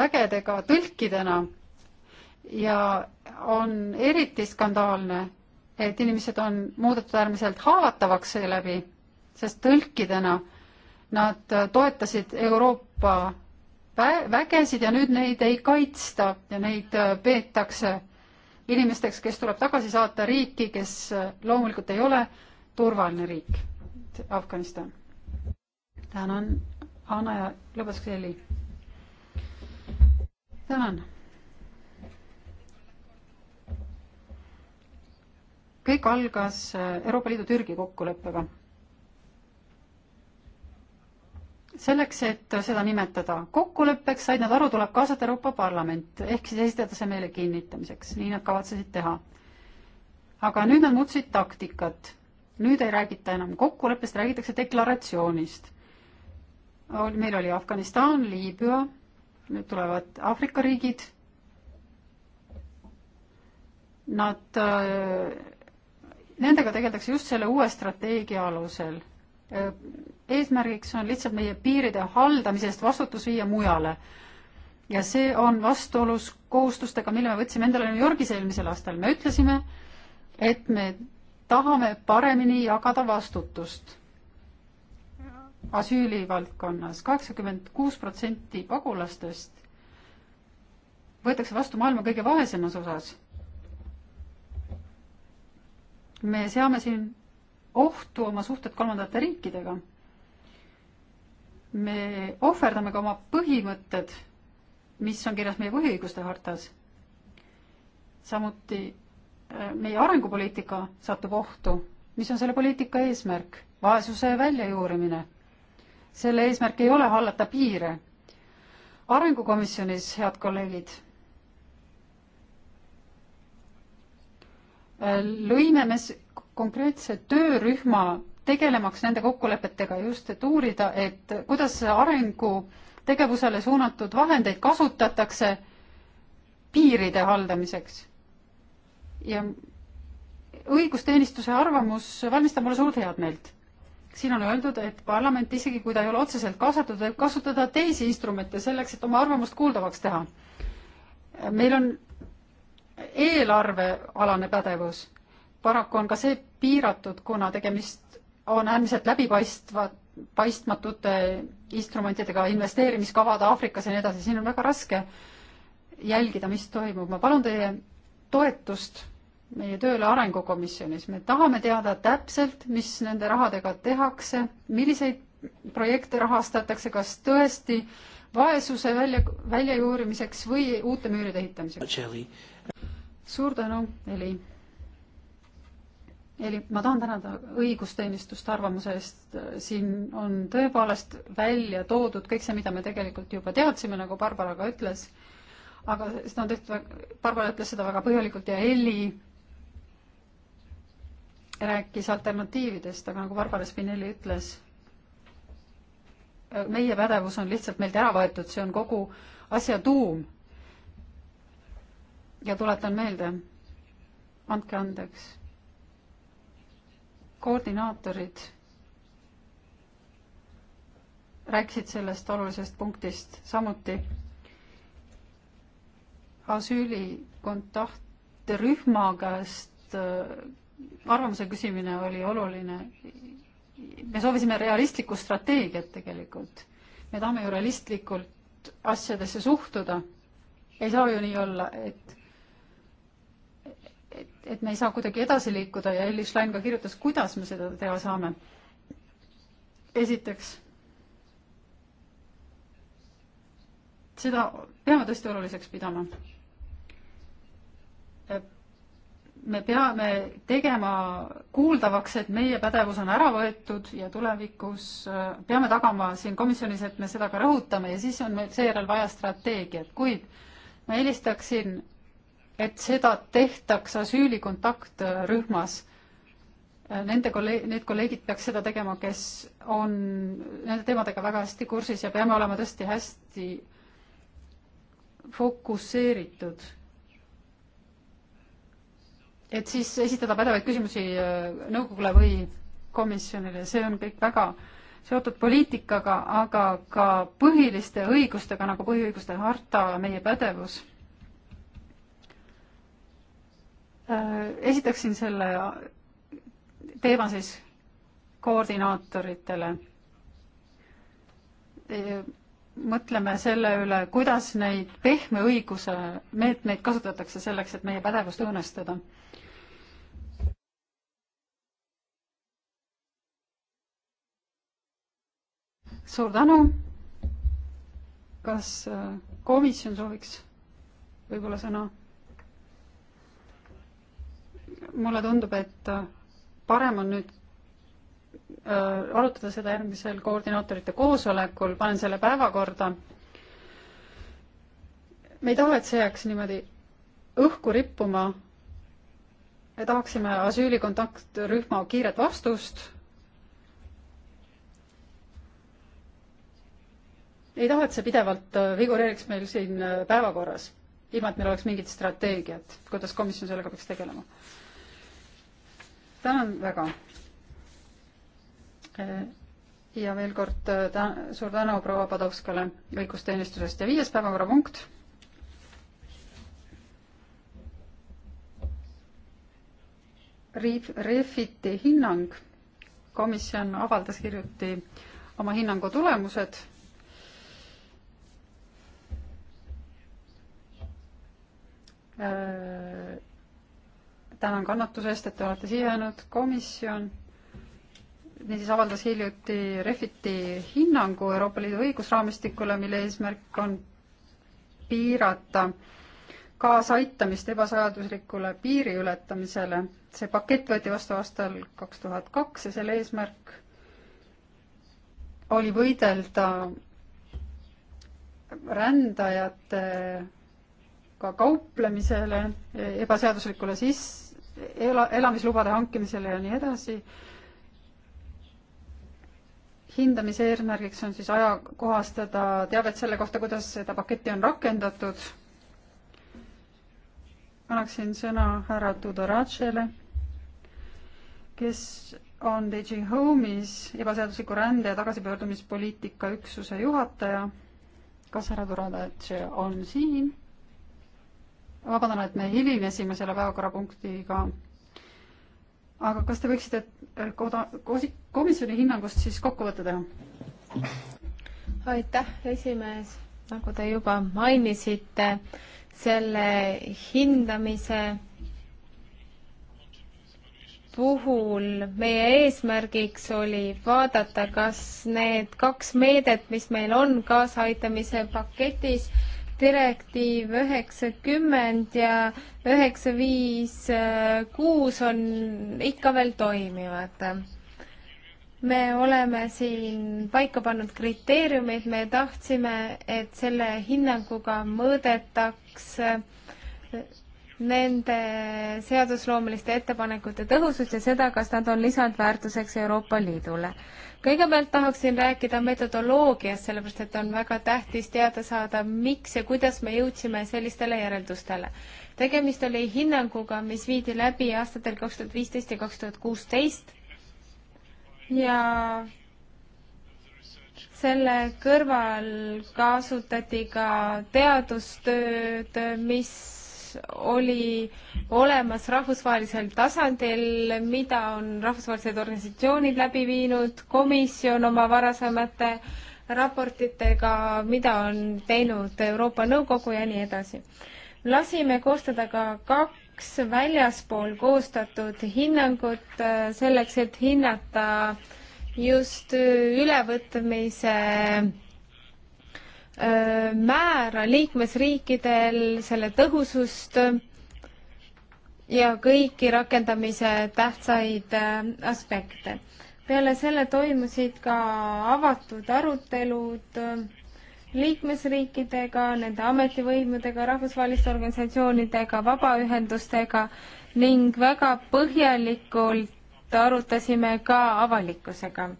vägedega tõlkidena ja on eriti skandaalne, et inimesed on muudetud äärmiselt haavatavaks seeläbi, sest tõlkidena nad toetasid Euroopa vägesid ja nüüd neid ei kaitsta ja neid peetakse inimesteks, kes tuleb tagasi saata riiki, kes loomulikult ei ole äh, turvaline riik, Afganistan. tänan, Anna ja lõpetuseks Heli. tänan. kõik algas Euroopa Liidu Türgi kokkuleppega. selleks, et seda nimetada kokkuleppeks, said nad aru, tuleb kaasata Euroopa Parlament, ehk siis esitada see meile kinnitamiseks, nii nad kavatsesid teha. aga nüüd nad muutsid taktikat nüüd ei räägita enam kokkuleppest, räägitakse deklaratsioonist. meil oli Afganistan, Liibüa, nüüd tulevad Aafrika riigid. Nad, äh, nendega tegeldakse just selle uue strateegia alusel. Äh, eesmärgiks on lihtsalt meie piiride haldamise eest vastutus viia mujale. ja see on vastuolus kohustustega, mille me võtsime endale New Yorgis eelmisel aastal. me ütlesime, et me tahame paremini jagada vastutust asüülivaldkonnas. kaheksakümmend kuus protsenti pagulastest võetakse vastu maailma kõige vaesemas osas. me seame siin ohtu oma suhted kolmandate riikidega. me ohverdame ka oma põhimõtted, mis on kirjas meie põhiõiguste hartas. samuti meie arengupoliitika satub ohtu, mis on selle poliitika eesmärk? vaesuse väljajuurimine. selle eesmärk ei ole hallata piire. arengukomisjonis, head kolleegid, lõime me konkreetse töörühma tegelemaks nende kokkulepetega just, et uurida, et kuidas arengutegevusele suunatud vahendeid kasutatakse piiride haldamiseks ja õigusteenistuse arvamus valmistab mulle suurt headmeelt. siin on öeldud, et parlament, isegi kui ta ei ole otseselt kaasatud, võib kasutada teisi instrumente selleks, et oma arvamust kuuldavaks teha. meil on eelarvealane pädevus. paraku on ka see piiratud, kuna tegemist on äärmiselt läbipaistva, paistmatute instrumentidega, investeerimiskavad Aafrikas ja nii edasi, siin on väga raske jälgida, mis toimub. ma palun teie toetust meie tööle Arengukomisjonis. me tahame teada täpselt, mis nende rahadega tehakse, milliseid projekte rahastatakse, kas tõesti vaesuse välja, väljajuurimiseks või uute müüride ehitamiseks. suur tänu, Heli. Heli, ma tahan tänada õigusteenistust arvamuse eest. siin on tõepoolest välja toodud kõik see, mida me tegelikult juba teadsime, nagu Barbara ka ütles aga seda on tehtud, Barbara ütles seda väga põhjalikult ja Elli rääkis alternatiividest, aga nagu Barbara Spinelli ütles, meie pädevus on lihtsalt meilt ära võetud, see on kogu asja tuum. ja tuletan meelde, andke andeks, koordinaatorid rääkisid sellest olulisest punktist samuti asüüli kontaktrühma käest arvamuse küsimine oli oluline. me soovisime realistlikku strateegiat tegelikult. me tahame ju realistlikult asjadesse suhtuda. ei saa ju nii olla, et et, et me ei saa kuidagi edasi liikuda ja Elli Schlein ka kirjutas, kuidas me seda teha saame. esiteks, seda peame tõesti oluliseks pidama me peame tegema kuuldavaks, et meie pädevus on ära võetud ja tulevikus äh, peame tagama siin komisjonis, et me seda ka rõhutame ja siis on meil seejärel vaja strateegiat, kuid ma eelistaksin, et seda tehtaks asüüli kontaktrühmas. Äh, nende kolleeg-, need kolleegid peaks seda tegema, kes on nende teemadega väga hästi kursis ja peame olema tõesti hästi fokusseeritud et siis esitada pädevaid küsimusi äh, nõukogule või komisjonile, see on kõik väga seotud poliitikaga, aga ka põhiliste õigustega nagu põhiõiguste harta, meie pädevus. Äh, esitaksin selle teema siis koordinaatoritele. Äh, mõtleme selle üle, kuidas neid pehme õiguse meetmeid kasutatakse selleks, et meie pädevust õõnestada suur tänu. kas äh, komisjon sooviks võib-olla sõna? mulle tundub, et äh, parem on nüüd äh, arutada seda järgmisel koordinaatorite koosolekul, panen selle päevakorda. me ei taha, et see jääks niimoodi õhku rippuma. me tahaksime asüüli kontaktrühma kiiret vastust ei taha, et see pidevalt äh, figureeriks meil siin äh, päevakorras, ilma et meil oleks mingit strateegiat, kuidas komisjon sellega peaks tegelema. tänan väga. Äh, ja veel kord ta-, suur tänu proua Padovskale õigusteenistusest ja viies päevakorrapunkt. Riif-, Refiti hinnang, komisjon avaldas hiljuti oma hinnangu tulemused Äh, tänan kannatuse eest, et te olete siia jäänud, komisjon niisiis avaldas hiljuti Refiti hinnangu Euroopa Liidu õigusraamistikule, mille eesmärk on piirata kaasaaitamist ebasajaduslikule piiri ületamisele. see pakett võeti vastu aastal kaks tuhat kaks ja selle eesmärk oli võidelda rändajate ka kauplemisele, ebaseaduslikule sis-, ela, elamislubade hankimisele ja nii edasi. hindamise eesmärgiks on siis ajakohastada teavet selle kohta, kuidas seda paketti on rakendatud. annaksin sõna härra Tudoratšele, kes on DG Home'is ebaseadusliku rände ja tagasipöördumispoliitika üksuse juhataja. kas härra Tudoratš on siin? vabandan, et me hilinesime selle päevakorrapunktiga. aga kas te võiksite äh, koda-, komisjoni hinnangust siis kokkuvõtte teha? aitäh, esimees, nagu te juba mainisite, selle hindamise puhul meie eesmärgiks oli vaadata, kas need kaks meedet, mis meil on kaasaaitamise paketis, direktiiv üheksakümmend ja üheksa viis äh, kuus on ikka veel toimivad. me oleme siin paika pannud kriteeriumid, me tahtsime, et selle hinnanguga mõõdetaks äh, nende seadusloomeliste ettepanekute tõhusust ja seda, kas nad on lisandväärtuseks Euroopa Liidule kõigepealt tahaksin rääkida metodoloogiast, sellepärast et on väga tähtis teada saada, miks ja kuidas me jõudsime sellistele järeldustele. tegemist oli hinnanguga, mis viidi läbi aastatel kaks tuhat viisteist ja kaks tuhat kuusteist ja selle kõrval kasutati ka teadustööd, mis oli olemas rahvusvahelisel tasandil, mida on rahvusvahelised organisatsioonid läbi viinud, komisjon oma varasemate raportitega, mida on teinud Euroopa Nõukogu ja nii edasi. lasime koostada ka kaks väljaspool koostatud hinnangut äh, selleks, et hinnata just ülevõtmise määra liikmesriikidel, selle tõhusust ja kõiki rakendamise tähtsaid aspekte. peale selle toimusid ka avatud arutelud liikmesriikidega, nende ametivõimudega, rahvusvaheliste organisatsioonidega, vabaühendustega ning väga põhjalikult arutasime ka avalikkusega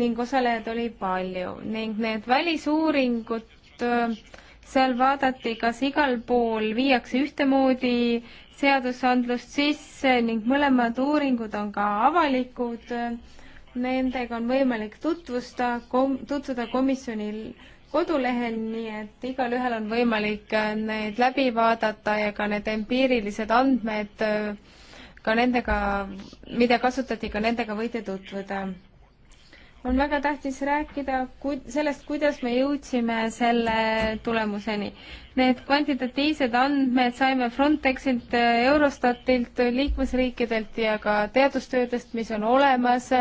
ning osalejaid oli palju ning need välisuuringud, äh, seal vaadati, kas igal pool viiakse ühtemoodi seadusandlust sisse ning mõlemad uuringud on ka avalikud. Nendega on võimalik tutvusta kom,, tutvuda komisjonil kodulehel, nii et igalühel on võimalik äh, need läbi vaadata ja ka need empiirilised andmed, äh, ka nendega, mida kasutati, ka nendega võite tutvuda on väga tähtis rääkida ku-, sellest, kuidas me jõudsime selle tulemuseni. Need kvantitatiivsed andmed saime Frontexilt, Eurostatilt, liikmesriikidelt ja ka teadustöödest, mis on olemas,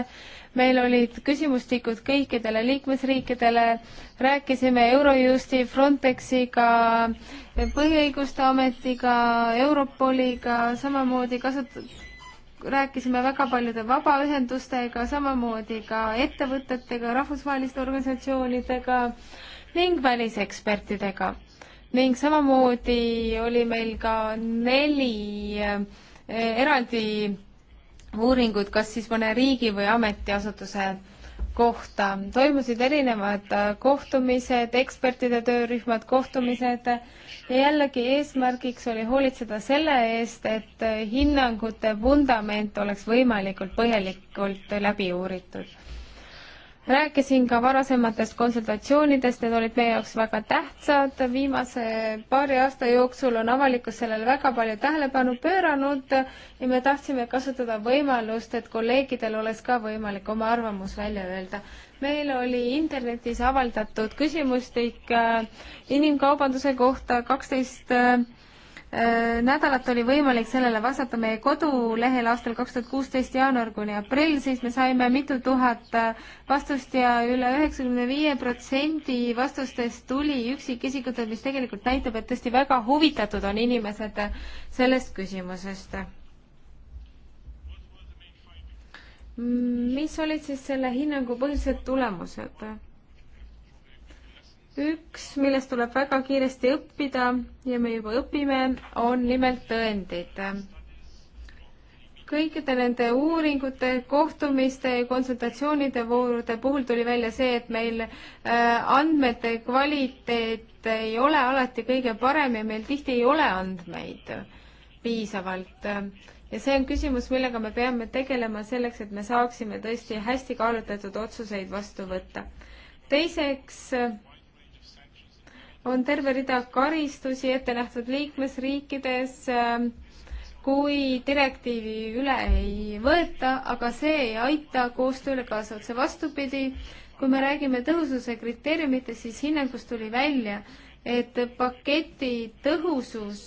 meil olid küsimustikud kõikidele liikmesriikidele, rääkisime Eurojusti, Frontexiga, Põhiõiguste Ametiga, Europoliga, samamoodi kasut-, rääkisime väga paljude vabaühendustega, samamoodi ka ettevõtetega, rahvusvaheliste organisatsioonidega ning välisekspertidega. ning samamoodi oli meil ka neli eh, eraldi uuringut, kas siis mõne riigi või ametiasutuse kohta. toimusid erinevad äh, kohtumised, ekspertide töörühmad, kohtumised äh, ja jällegi eesmärgiks oli hoolitseda selle eest, et hinnangute vundament oleks võimalikult põhjalikult läbi uuritud rääkisin ka varasematest konsultatsioonidest, need olid meie jaoks väga tähtsad, viimase paari aasta jooksul on avalikkus sellele väga palju tähelepanu pööranud ja me tahtsime kasutada võimalust, et kolleegidel oleks ka võimalik oma arvamus välja öelda meil oli internetis avaldatud küsimustik äh, inimkaubanduse kohta, kaksteist äh, äh, nädalat oli võimalik sellele vastata meie kodulehel aastal kaks tuhat kuusteist jaanuar kuni aprill, siis me saime mitu tuhat vastust ja üle üheksakümne viie protsendi vastustest tuli üksikisikutelt, mis tegelikult näitab, et tõesti väga huvitatud on inimesed sellest küsimusest mis olid siis selle hinnangu põhilised tulemused? üks, millest tuleb väga kiiresti õppida ja me juba õpime, on nimelt tõendid. kõikide nende uuringute, kohtumiste ja konsultatsioonide voorude puhul tuli välja see, et meil äh, andmete kvaliteet ei ole alati kõige parem ja meil tihti ei ole andmeid piisavalt ja see on küsimus, millega me peame tegelema selleks, et me saaksime tõesti hästi kaalutletud otsuseid vastu võtta. teiseks on terve rida karistusi ette nähtud liikmesriikides, kui direktiivi üle ei võeta, aga see ei aita koostööle kaasa, otse vastupidi, kui me räägime tõhususe kriteeriumitest, siis hinnangust tuli välja, et paketi tõhusus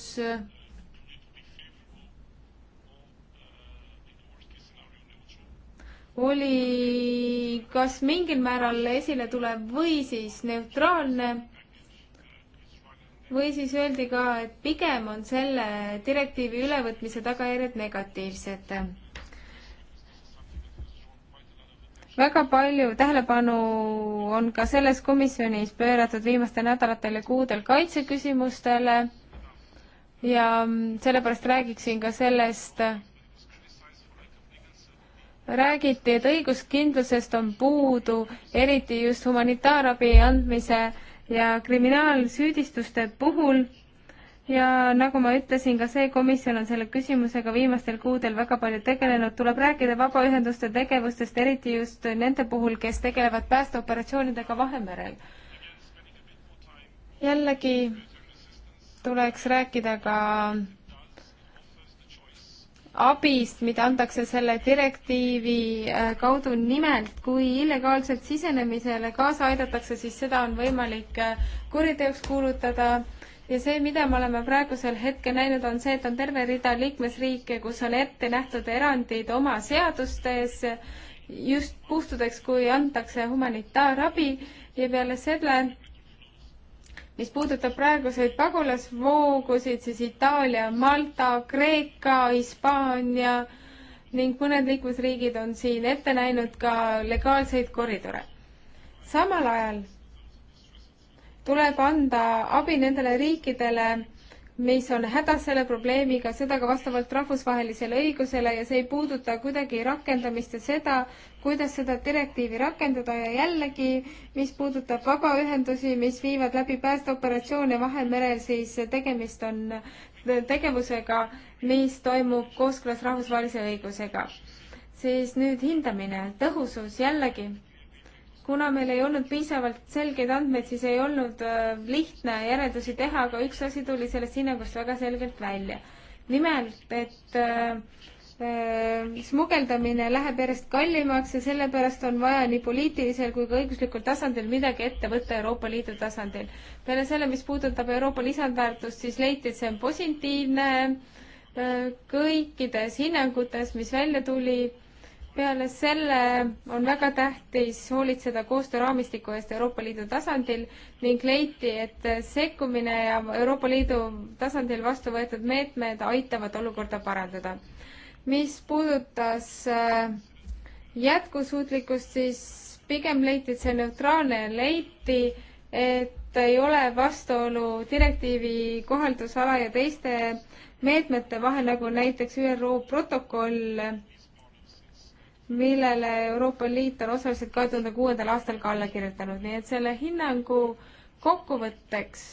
oli kas mingil määral esile tulev või siis neutraalne või siis öeldi ka, et pigem on selle direktiivi ülevõtmise tagajärjed negatiivsed. väga palju tähelepanu on ka selles komisjonis pööratud viimastel nädalatel ja kuudel kaitseküsimustele ja sellepärast räägiksin ka sellest, räägiti, et õiguskindlusest on puudu, eriti just humanitaarabi andmise ja kriminaalsüüdistuste puhul. ja nagu ma ütlesin, ka see komisjon on selle küsimusega viimastel kuudel väga palju tegelenud, tuleb rääkida vabaühenduste tegevustest, eriti just nende puhul, kes tegelevad päästeoperatsioonidega Vahemerel. jällegi tuleks rääkida ka abist, mida antakse selle direktiivi äh, kaudu, nimelt kui illegaalselt sisenemisele kaasa aidatakse, siis seda on võimalik äh, kuriteoks kuulutada ja see, mida me oleme praegusel hetkel näinud, on see, et on terve rida liikmesriike, kus on ette nähtud erandid oma seadustes just puhtudeks, kui antakse humanitaarabi ja peale selle mis puudutab praeguseid pagulasvoogusid, siis Itaalia, Malta, Kreeka, Hispaania ning mõned liikmesriigid on siin ette näinud ka legaalseid koridore. samal ajal tuleb anda abi nendele riikidele, mis on hädas selle probleemiga, seda ka vastavalt rahvusvahelisele õigusele ja see ei puuduta kuidagi rakendamist ja seda, kuidas seda direktiivi rakendada ja jällegi, mis puudutab vabaühendusi, mis viivad läbi päästeoperatsioone Vahemerel, siis tegemist on tegevusega, mis toimub kooskõlas rahvusvahelise õigusega. siis nüüd hindamine, tõhusus jällegi kuna meil ei olnud piisavalt selgeid andmeid, siis ei olnud äh, lihtne järeldusi teha, aga üks asi tuli sellest hinnangust väga selgelt välja. nimelt, et äh, äh, smugeldamine läheb järjest kallimaks ja sellepärast on vaja nii poliitilisel kui ka õiguslikul tasandil midagi ette võtta Euroopa Liidu tasandil. peale selle, mis puudutab Euroopa lisandväärtust, siis leiti, et see on positiivne äh, kõikides hinnangutes, mis välja tuli peale selle on väga tähtis hoolitseda koostööraamistiku eest Euroopa Liidu tasandil ning leiti, et sekkumine ja Euroopa Liidu tasandil vastu võetud meetmed aitavad olukorda parandada. mis puudutas äh, jätkusuutlikkust, siis pigem leiti, et see on neutraalne ja leiti, et ei ole vastuolu direktiivi kohaldusala ja teiste meetmete vahel, nagu näiteks ÜRO protokoll millele Euroopa Liit on osaliselt kahe tuhande kuuendal aastal ka alla kirjutanud, nii et selle hinnangu kokkuvõtteks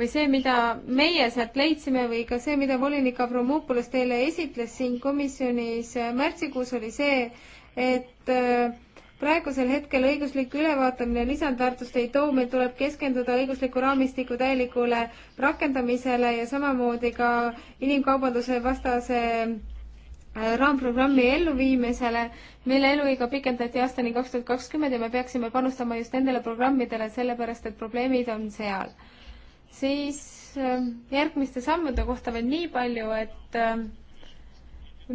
või see, mida meie sealt leidsime või ka see, mida volinik Avramopoulos teile esitles siin komisjonis märtsikuus, oli see, et äh, praegusel hetkel õiguslik ülevaatamine lisandväärtust ei too, meil tuleb keskenduda õigusliku raamistiku täielikule rakendamisele ja samamoodi ka inimkaubanduse vastase Äh, raamprogrammi elluviimisele, mille eluiga pikendati aastani kaks tuhat kakskümmend ja me peaksime panustama just nendele programmidele, sellepärast et probleemid on seal. siis ähm, järgmiste sammude kohta veel nii palju, et ähm,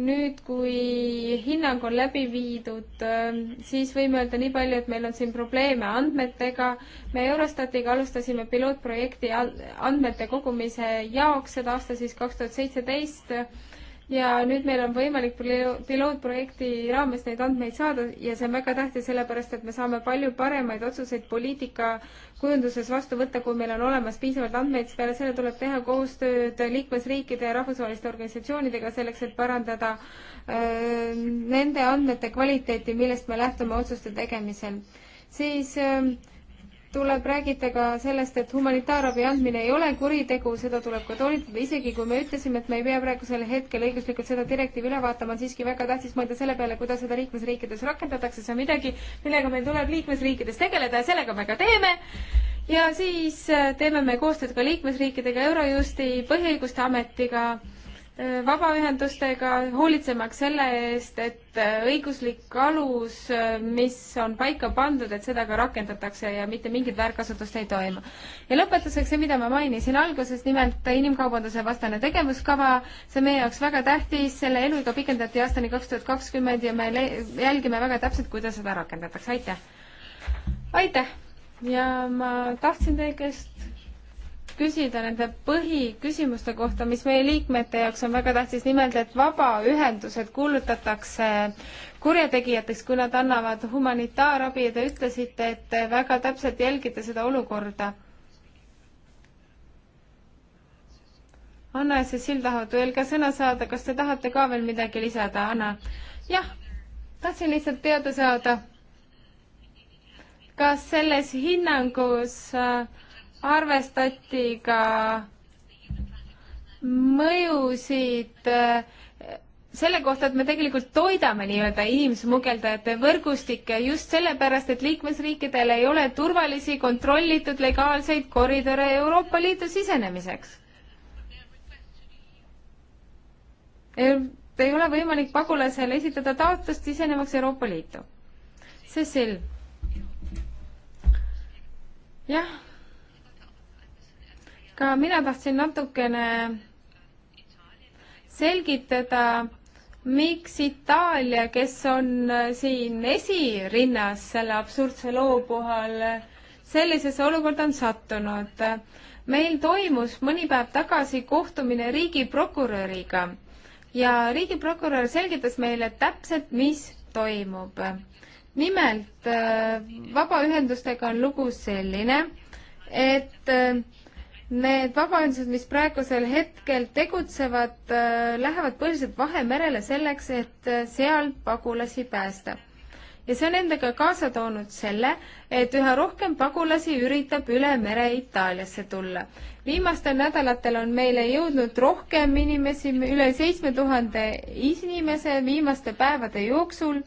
nüüd, kui hinnang on läbi viidud, ähm, siis võime öelda nii palju, et meil on siin probleeme andmetega. me Eurostatiga alustasime pilootprojekti andmete kogumise jaoks, seda aasta siis kaks tuhat seitseteist ja nüüd meil on võimalik pilootprojekti raames neid andmeid saada ja see on väga tähtis, sellepärast et me saame palju paremaid otsuseid poliitika kujunduses vastu võtta, kui meil on olemas piisavalt andmeid, siis peale selle tuleb teha koostööd liikmesriikide ja rahvusvaheliste organisatsioonidega selleks, et parandada öö, äh, nende andmete kvaliteeti, millest me lähtume otsuste tegemisel. siis öö, ähm, tuleb räägida ka sellest, et humanitaarabi andmine ei ole kuritegu, seda tuleb ka toonitada, isegi kui me ütlesime, et me ei pea praegusel hetkel õiguslikult seda direktiivi üle vaatama, on siiski väga tähtis mõelda selle peale, kuidas seda liikmesriikides rakendatakse, see on midagi, millega meil tuleb liikmesriikides tegeleda ja sellega me ka teeme. ja siis äh, teeme me koostööd ka liikmesriikidega, Eurojusti, Põhiõiguste Ametiga vabaühendustega, hoolitsemaks selle eest, et õiguslik alus, mis on paika pandud, et seda ka rakendatakse ja mitte mingit väärkasutust ei toimu. ja lõpetuseks see, mida ma mainisin alguses, nimelt inimkaubanduse vastane tegevuskava, see on meie jaoks väga tähtis, selle eluiga pikendati aastani kaks tuhat kakskümmend ja me jälgime väga täpselt, kuidas seda rakendatakse, aitäh! aitäh! ja ma tahtsin teie käest küsida nende põhiküsimuste kohta, mis meie liikmete jaoks on väga tähtis, nimelt et vabaühendused kuulutatakse kurjategijateks, kui nad annavad humanitaarabi ja te ütlesite, et väga täpselt jälgite seda olukorda. Anna ja Cecil tahavad veel ka sõna saada, kas te tahate ka veel midagi lisada, Anna? jah, tahtsin lihtsalt teada saada, kas selles hinnangus äh, arvestati ka mõjusid eh, selle kohta, et me tegelikult toidame nii-öelda inimsmugeldajate võrgustikke just sellepärast, et liikmesriikidel ei ole turvalisi kontrollitud legaalseid koridore Euroopa Liidu sisenemiseks. ei ole võimalik pagulasele esitada taotlust sisenemaks Euroopa Liitu. Cecil. jah ka mina tahtsin natukene selgitada, miks Itaalia, kes on äh, siin esirinnas selle absurdse loo puhul, äh, sellisesse olukorda on sattunud. meil toimus mõni päev tagasi kohtumine riigiprokuröriga ja riigiprokurör selgitas meile täpselt, mis toimub. nimelt äh, vabaühendustega on lugu selline, et Need vabaühendused, mis praegusel hetkel tegutsevad, äh, lähevad põhiliselt Vahemerele selleks, et äh, seal pagulasi päästa. ja see on endaga kaasa toonud selle, et üha rohkem pagulasi üritab üle mere Itaaliasse tulla. viimastel nädalatel on meile jõudnud rohkem inimesi, üle seitsme tuhande inimese viimaste päevade jooksul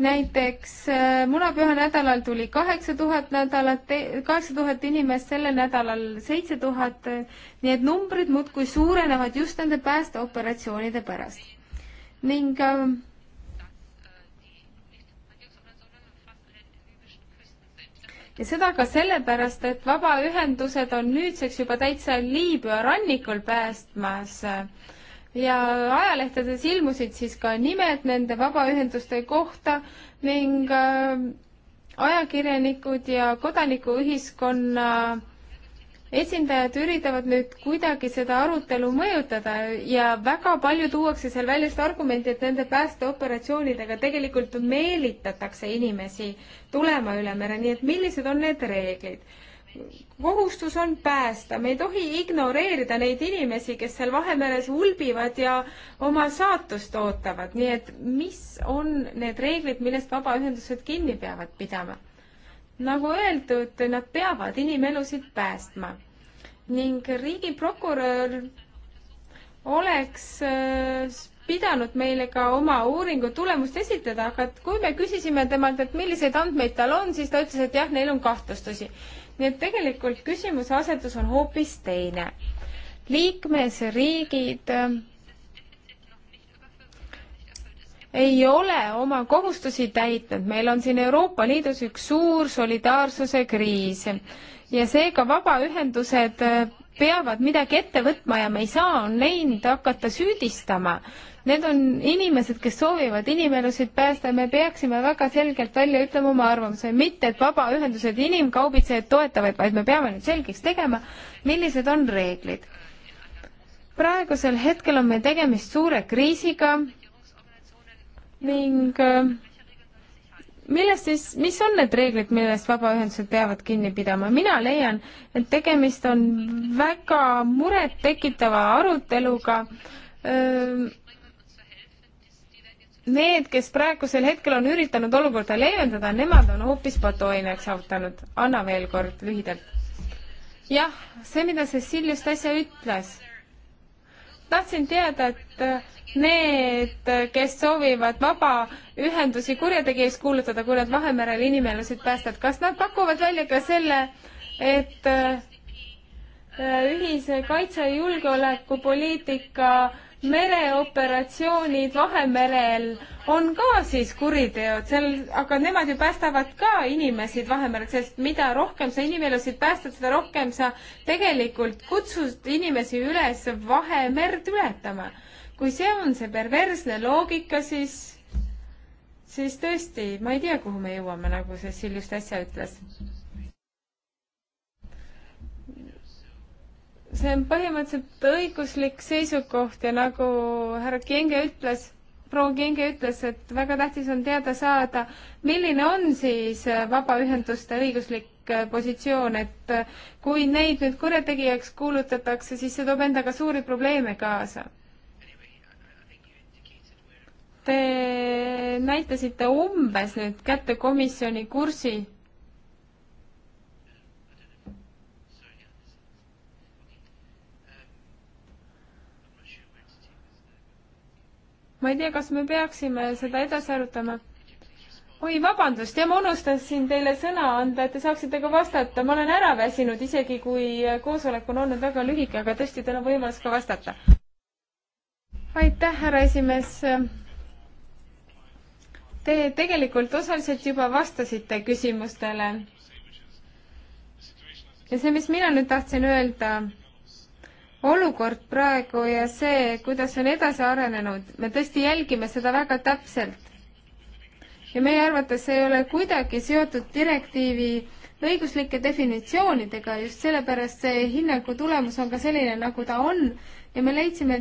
näiteks äh, munapüha nädalal tuli kaheksa tuhat nädalat, kaheksa tuhat inimest, sellel nädalal seitse tuhat, nii et numbrid muudkui suurenevad just nende päästeoperatsioonide pärast. ning äh, ja seda ka sellepärast, et vabaühendused on nüüdseks juba täitsa Liibüa rannikul päästmas äh, ja ajalehtedes ilmusid siis ka nimed nende vabaühenduste kohta ning äh, ajakirjanikud ja kodanikuühiskonna esindajad üritavad nüüd kuidagi seda arutelu mõjutada ja väga palju tuuakse seal välja seda argumenti, et nende päästeoperatsioonidega tegelikult meelitatakse inimesi tulema üle mere, nii et millised on need reeglid kohustus on päästa, me ei tohi ignoreerida neid inimesi, kes seal Vahemeres ulbivad ja oma saatust ootavad, nii et mis on need reeglid, millest vabaühendused kinni peavad pidama? nagu öeldud, nad peavad inimelusid päästma ning riigiprokurör oleks äh, pidanud meile ka oma uuringu tulemust esitleda, aga kui me küsisime temalt, et milliseid andmeid tal on, siis ta ütles, et jah, neil on kahtlustusi nii et tegelikult küsimuse asetus on hoopis teine. liikmesriigid ähm, ei ole oma kohustusi täitnud, meil on siin Euroopa Liidus üks suur solidaarsuse kriis ja seega vabaühendused äh, peavad midagi ette võtma ja me ei saa neid hakata süüdistama Need on inimesed, kes soovivad inimelusid päästa ja me peaksime väga selgelt välja ütlema oma arvamuse, mitte et vabaühendused inimkaubitsejaid toetavad, vaid me peame nüüd selgeks tegema, millised on reeglid. praegusel hetkel on meil tegemist suure kriisiga ning äh, millest siis, mis on need reeglid, millest vabaühendused peavad kinni pidama? mina leian, et tegemist on väga murettekitava aruteluga öö, äh, need, kes praegusel hetkel on üritanud olukorda leevendada, nemad on hoopis patoineks autanud. anna veel kord lühidalt. jah, see, mida Cecil just äsja ütles. tahtsin teada, et äh, need, äh, kes soovivad vabaühendusi kurjategijaks kuulutada, kui nad Vahemerel inimelusid päästavad, kas nad pakuvad välja ka selle, et äh, ühise kaitse- ja julgeolekupoliitika äh, mereoperatsioonid Vahemerel on ka siis kuriteod, seal, aga nemad ju päästavad ka inimesi Vahemerel, sest mida rohkem sa inimelusid päästad, seda rohkem sa tegelikult kutsud inimesi üles Vahemerd ületama. kui see on see perversne loogika, siis, siis tõesti, ma ei tea, kuhu me jõuame, nagu Cecil just äsja ütles see on põhimõtteliselt õiguslik seisukoht ja nagu härra Kienge ütles, proua Kienge ütles, et väga tähtis on teada saada, milline on siis äh, vabaühenduste õiguslik äh, positsioon, et äh, kui neid nüüd kurjategijaks kuulutatakse, siis see toob endaga suuri probleeme kaasa. Te näitasite umbes nüüd kätte komisjoni kursi ma ei tea, kas me peaksime seda edasi arutama. oi, vabandust, ja ma unustasin teile sõna anda, et te saaksite ka vastata. ma olen ära väsinud, isegi kui koosolek on olnud väga lühike, aga tõesti, teil on võimalus ka vastata. aitäh, härra esimees. Te tegelikult osaliselt juba vastasite küsimustele. ja see, mis mina nüüd tahtsin öelda olukord praegu ja see, kuidas on edasi arenenud, me tõesti jälgime seda väga täpselt. ja meie arvates ei ole kuidagi seotud direktiivi õiguslike definitsioonidega, just sellepärast see hinnangu tulemus on ka selline, nagu ta on ja me leidsime,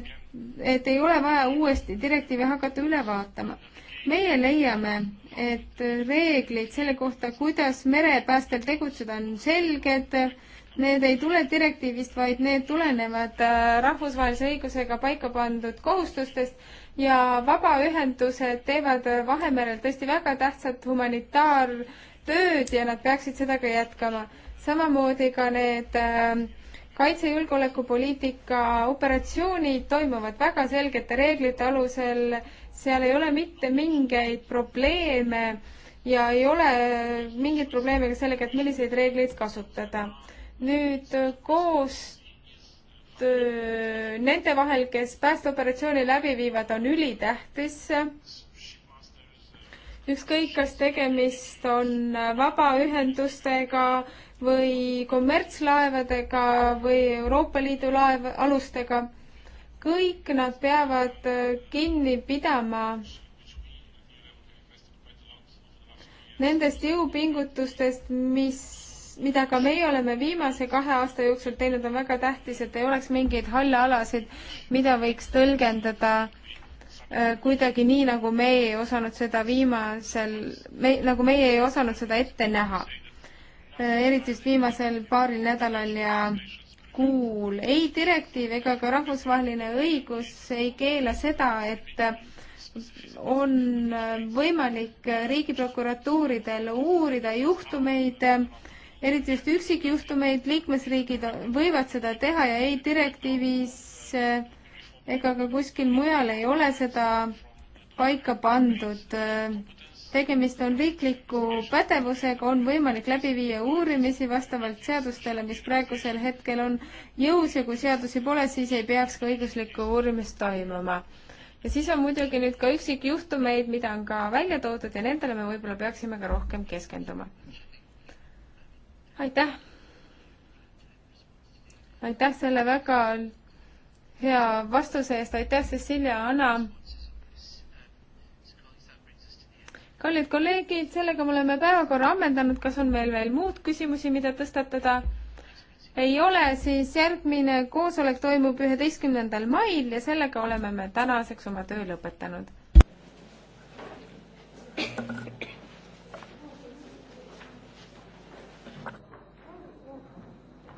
et ei ole vaja uuesti direktiivi hakata üle vaatama. meie leiame, et reeglid selle kohta, kuidas merepäästel tegutseda, on selged Need ei tule direktiivist, vaid need tulenevad äh, rahvusvahelise õigusega paika pandud kohustustest ja vabaühendused teevad äh, Vahemerel tõesti väga tähtsat humanitaartööd ja nad peaksid seda ka jätkama. samamoodi ka need äh, kaitsejulgeolekupoliitika operatsioonid toimuvad väga selgete reeglite alusel, seal ei ole mitte mingeid probleeme ja ei ole mingeid probleeme ka sellega, et milliseid reegleid kasutada nüüd äh, koostöö nende vahel, kes päästeoperatsiooni läbi viivad, on ülitähtis. ükskõik, kas tegemist on äh, vabaühendustega või kommertslaevadega või Euroopa Liidu laev, alustega, kõik nad peavad äh, kinni pidama nendest jõupingutustest, mis mida ka meie oleme viimase kahe aasta jooksul teinud, on väga tähtis, et ei oleks mingeid halle alasid, mida võiks tõlgendada äh, kuidagi nii, nagu meie ei osanud seda viimasel, me, nagu meie ei osanud seda ette näha. Äh, eriti just viimasel paaril nädalal ja kuul. ei direktiiv ega ka rahvusvaheline õigus ei keela seda, et äh, on võimalik riigiprokuratuuridel uurida juhtumeid, eriti just üksikjuhtumeid, liikmesriigid võivad seda teha ja ei direktiivis eh, ega ka kuskil mujal ei ole seda paika pandud. tegemist on riikliku pädevusega, on võimalik läbi viia uurimisi vastavalt seadustele, mis praegusel hetkel on jõus ja kui seadusi pole, siis ei peaks ka õiguslikku uurimist toimuma ja siis on muidugi nüüd ka üksikjuhtumeid, mida on ka välja toodud ja nendele me võib-olla peaksime ka rohkem keskenduma aitäh! aitäh selle väga hea vastuse eest, aitäh Cecilia, Anna! kallid kolleegid, sellega me oleme päevakorra ammendanud, kas on meil veel muud küsimusi, mida tõstatada? ei ole, siis järgmine koosolek toimub üheteistkümnendal mail ja sellega oleme me tänaseks oma töö lõpetanud.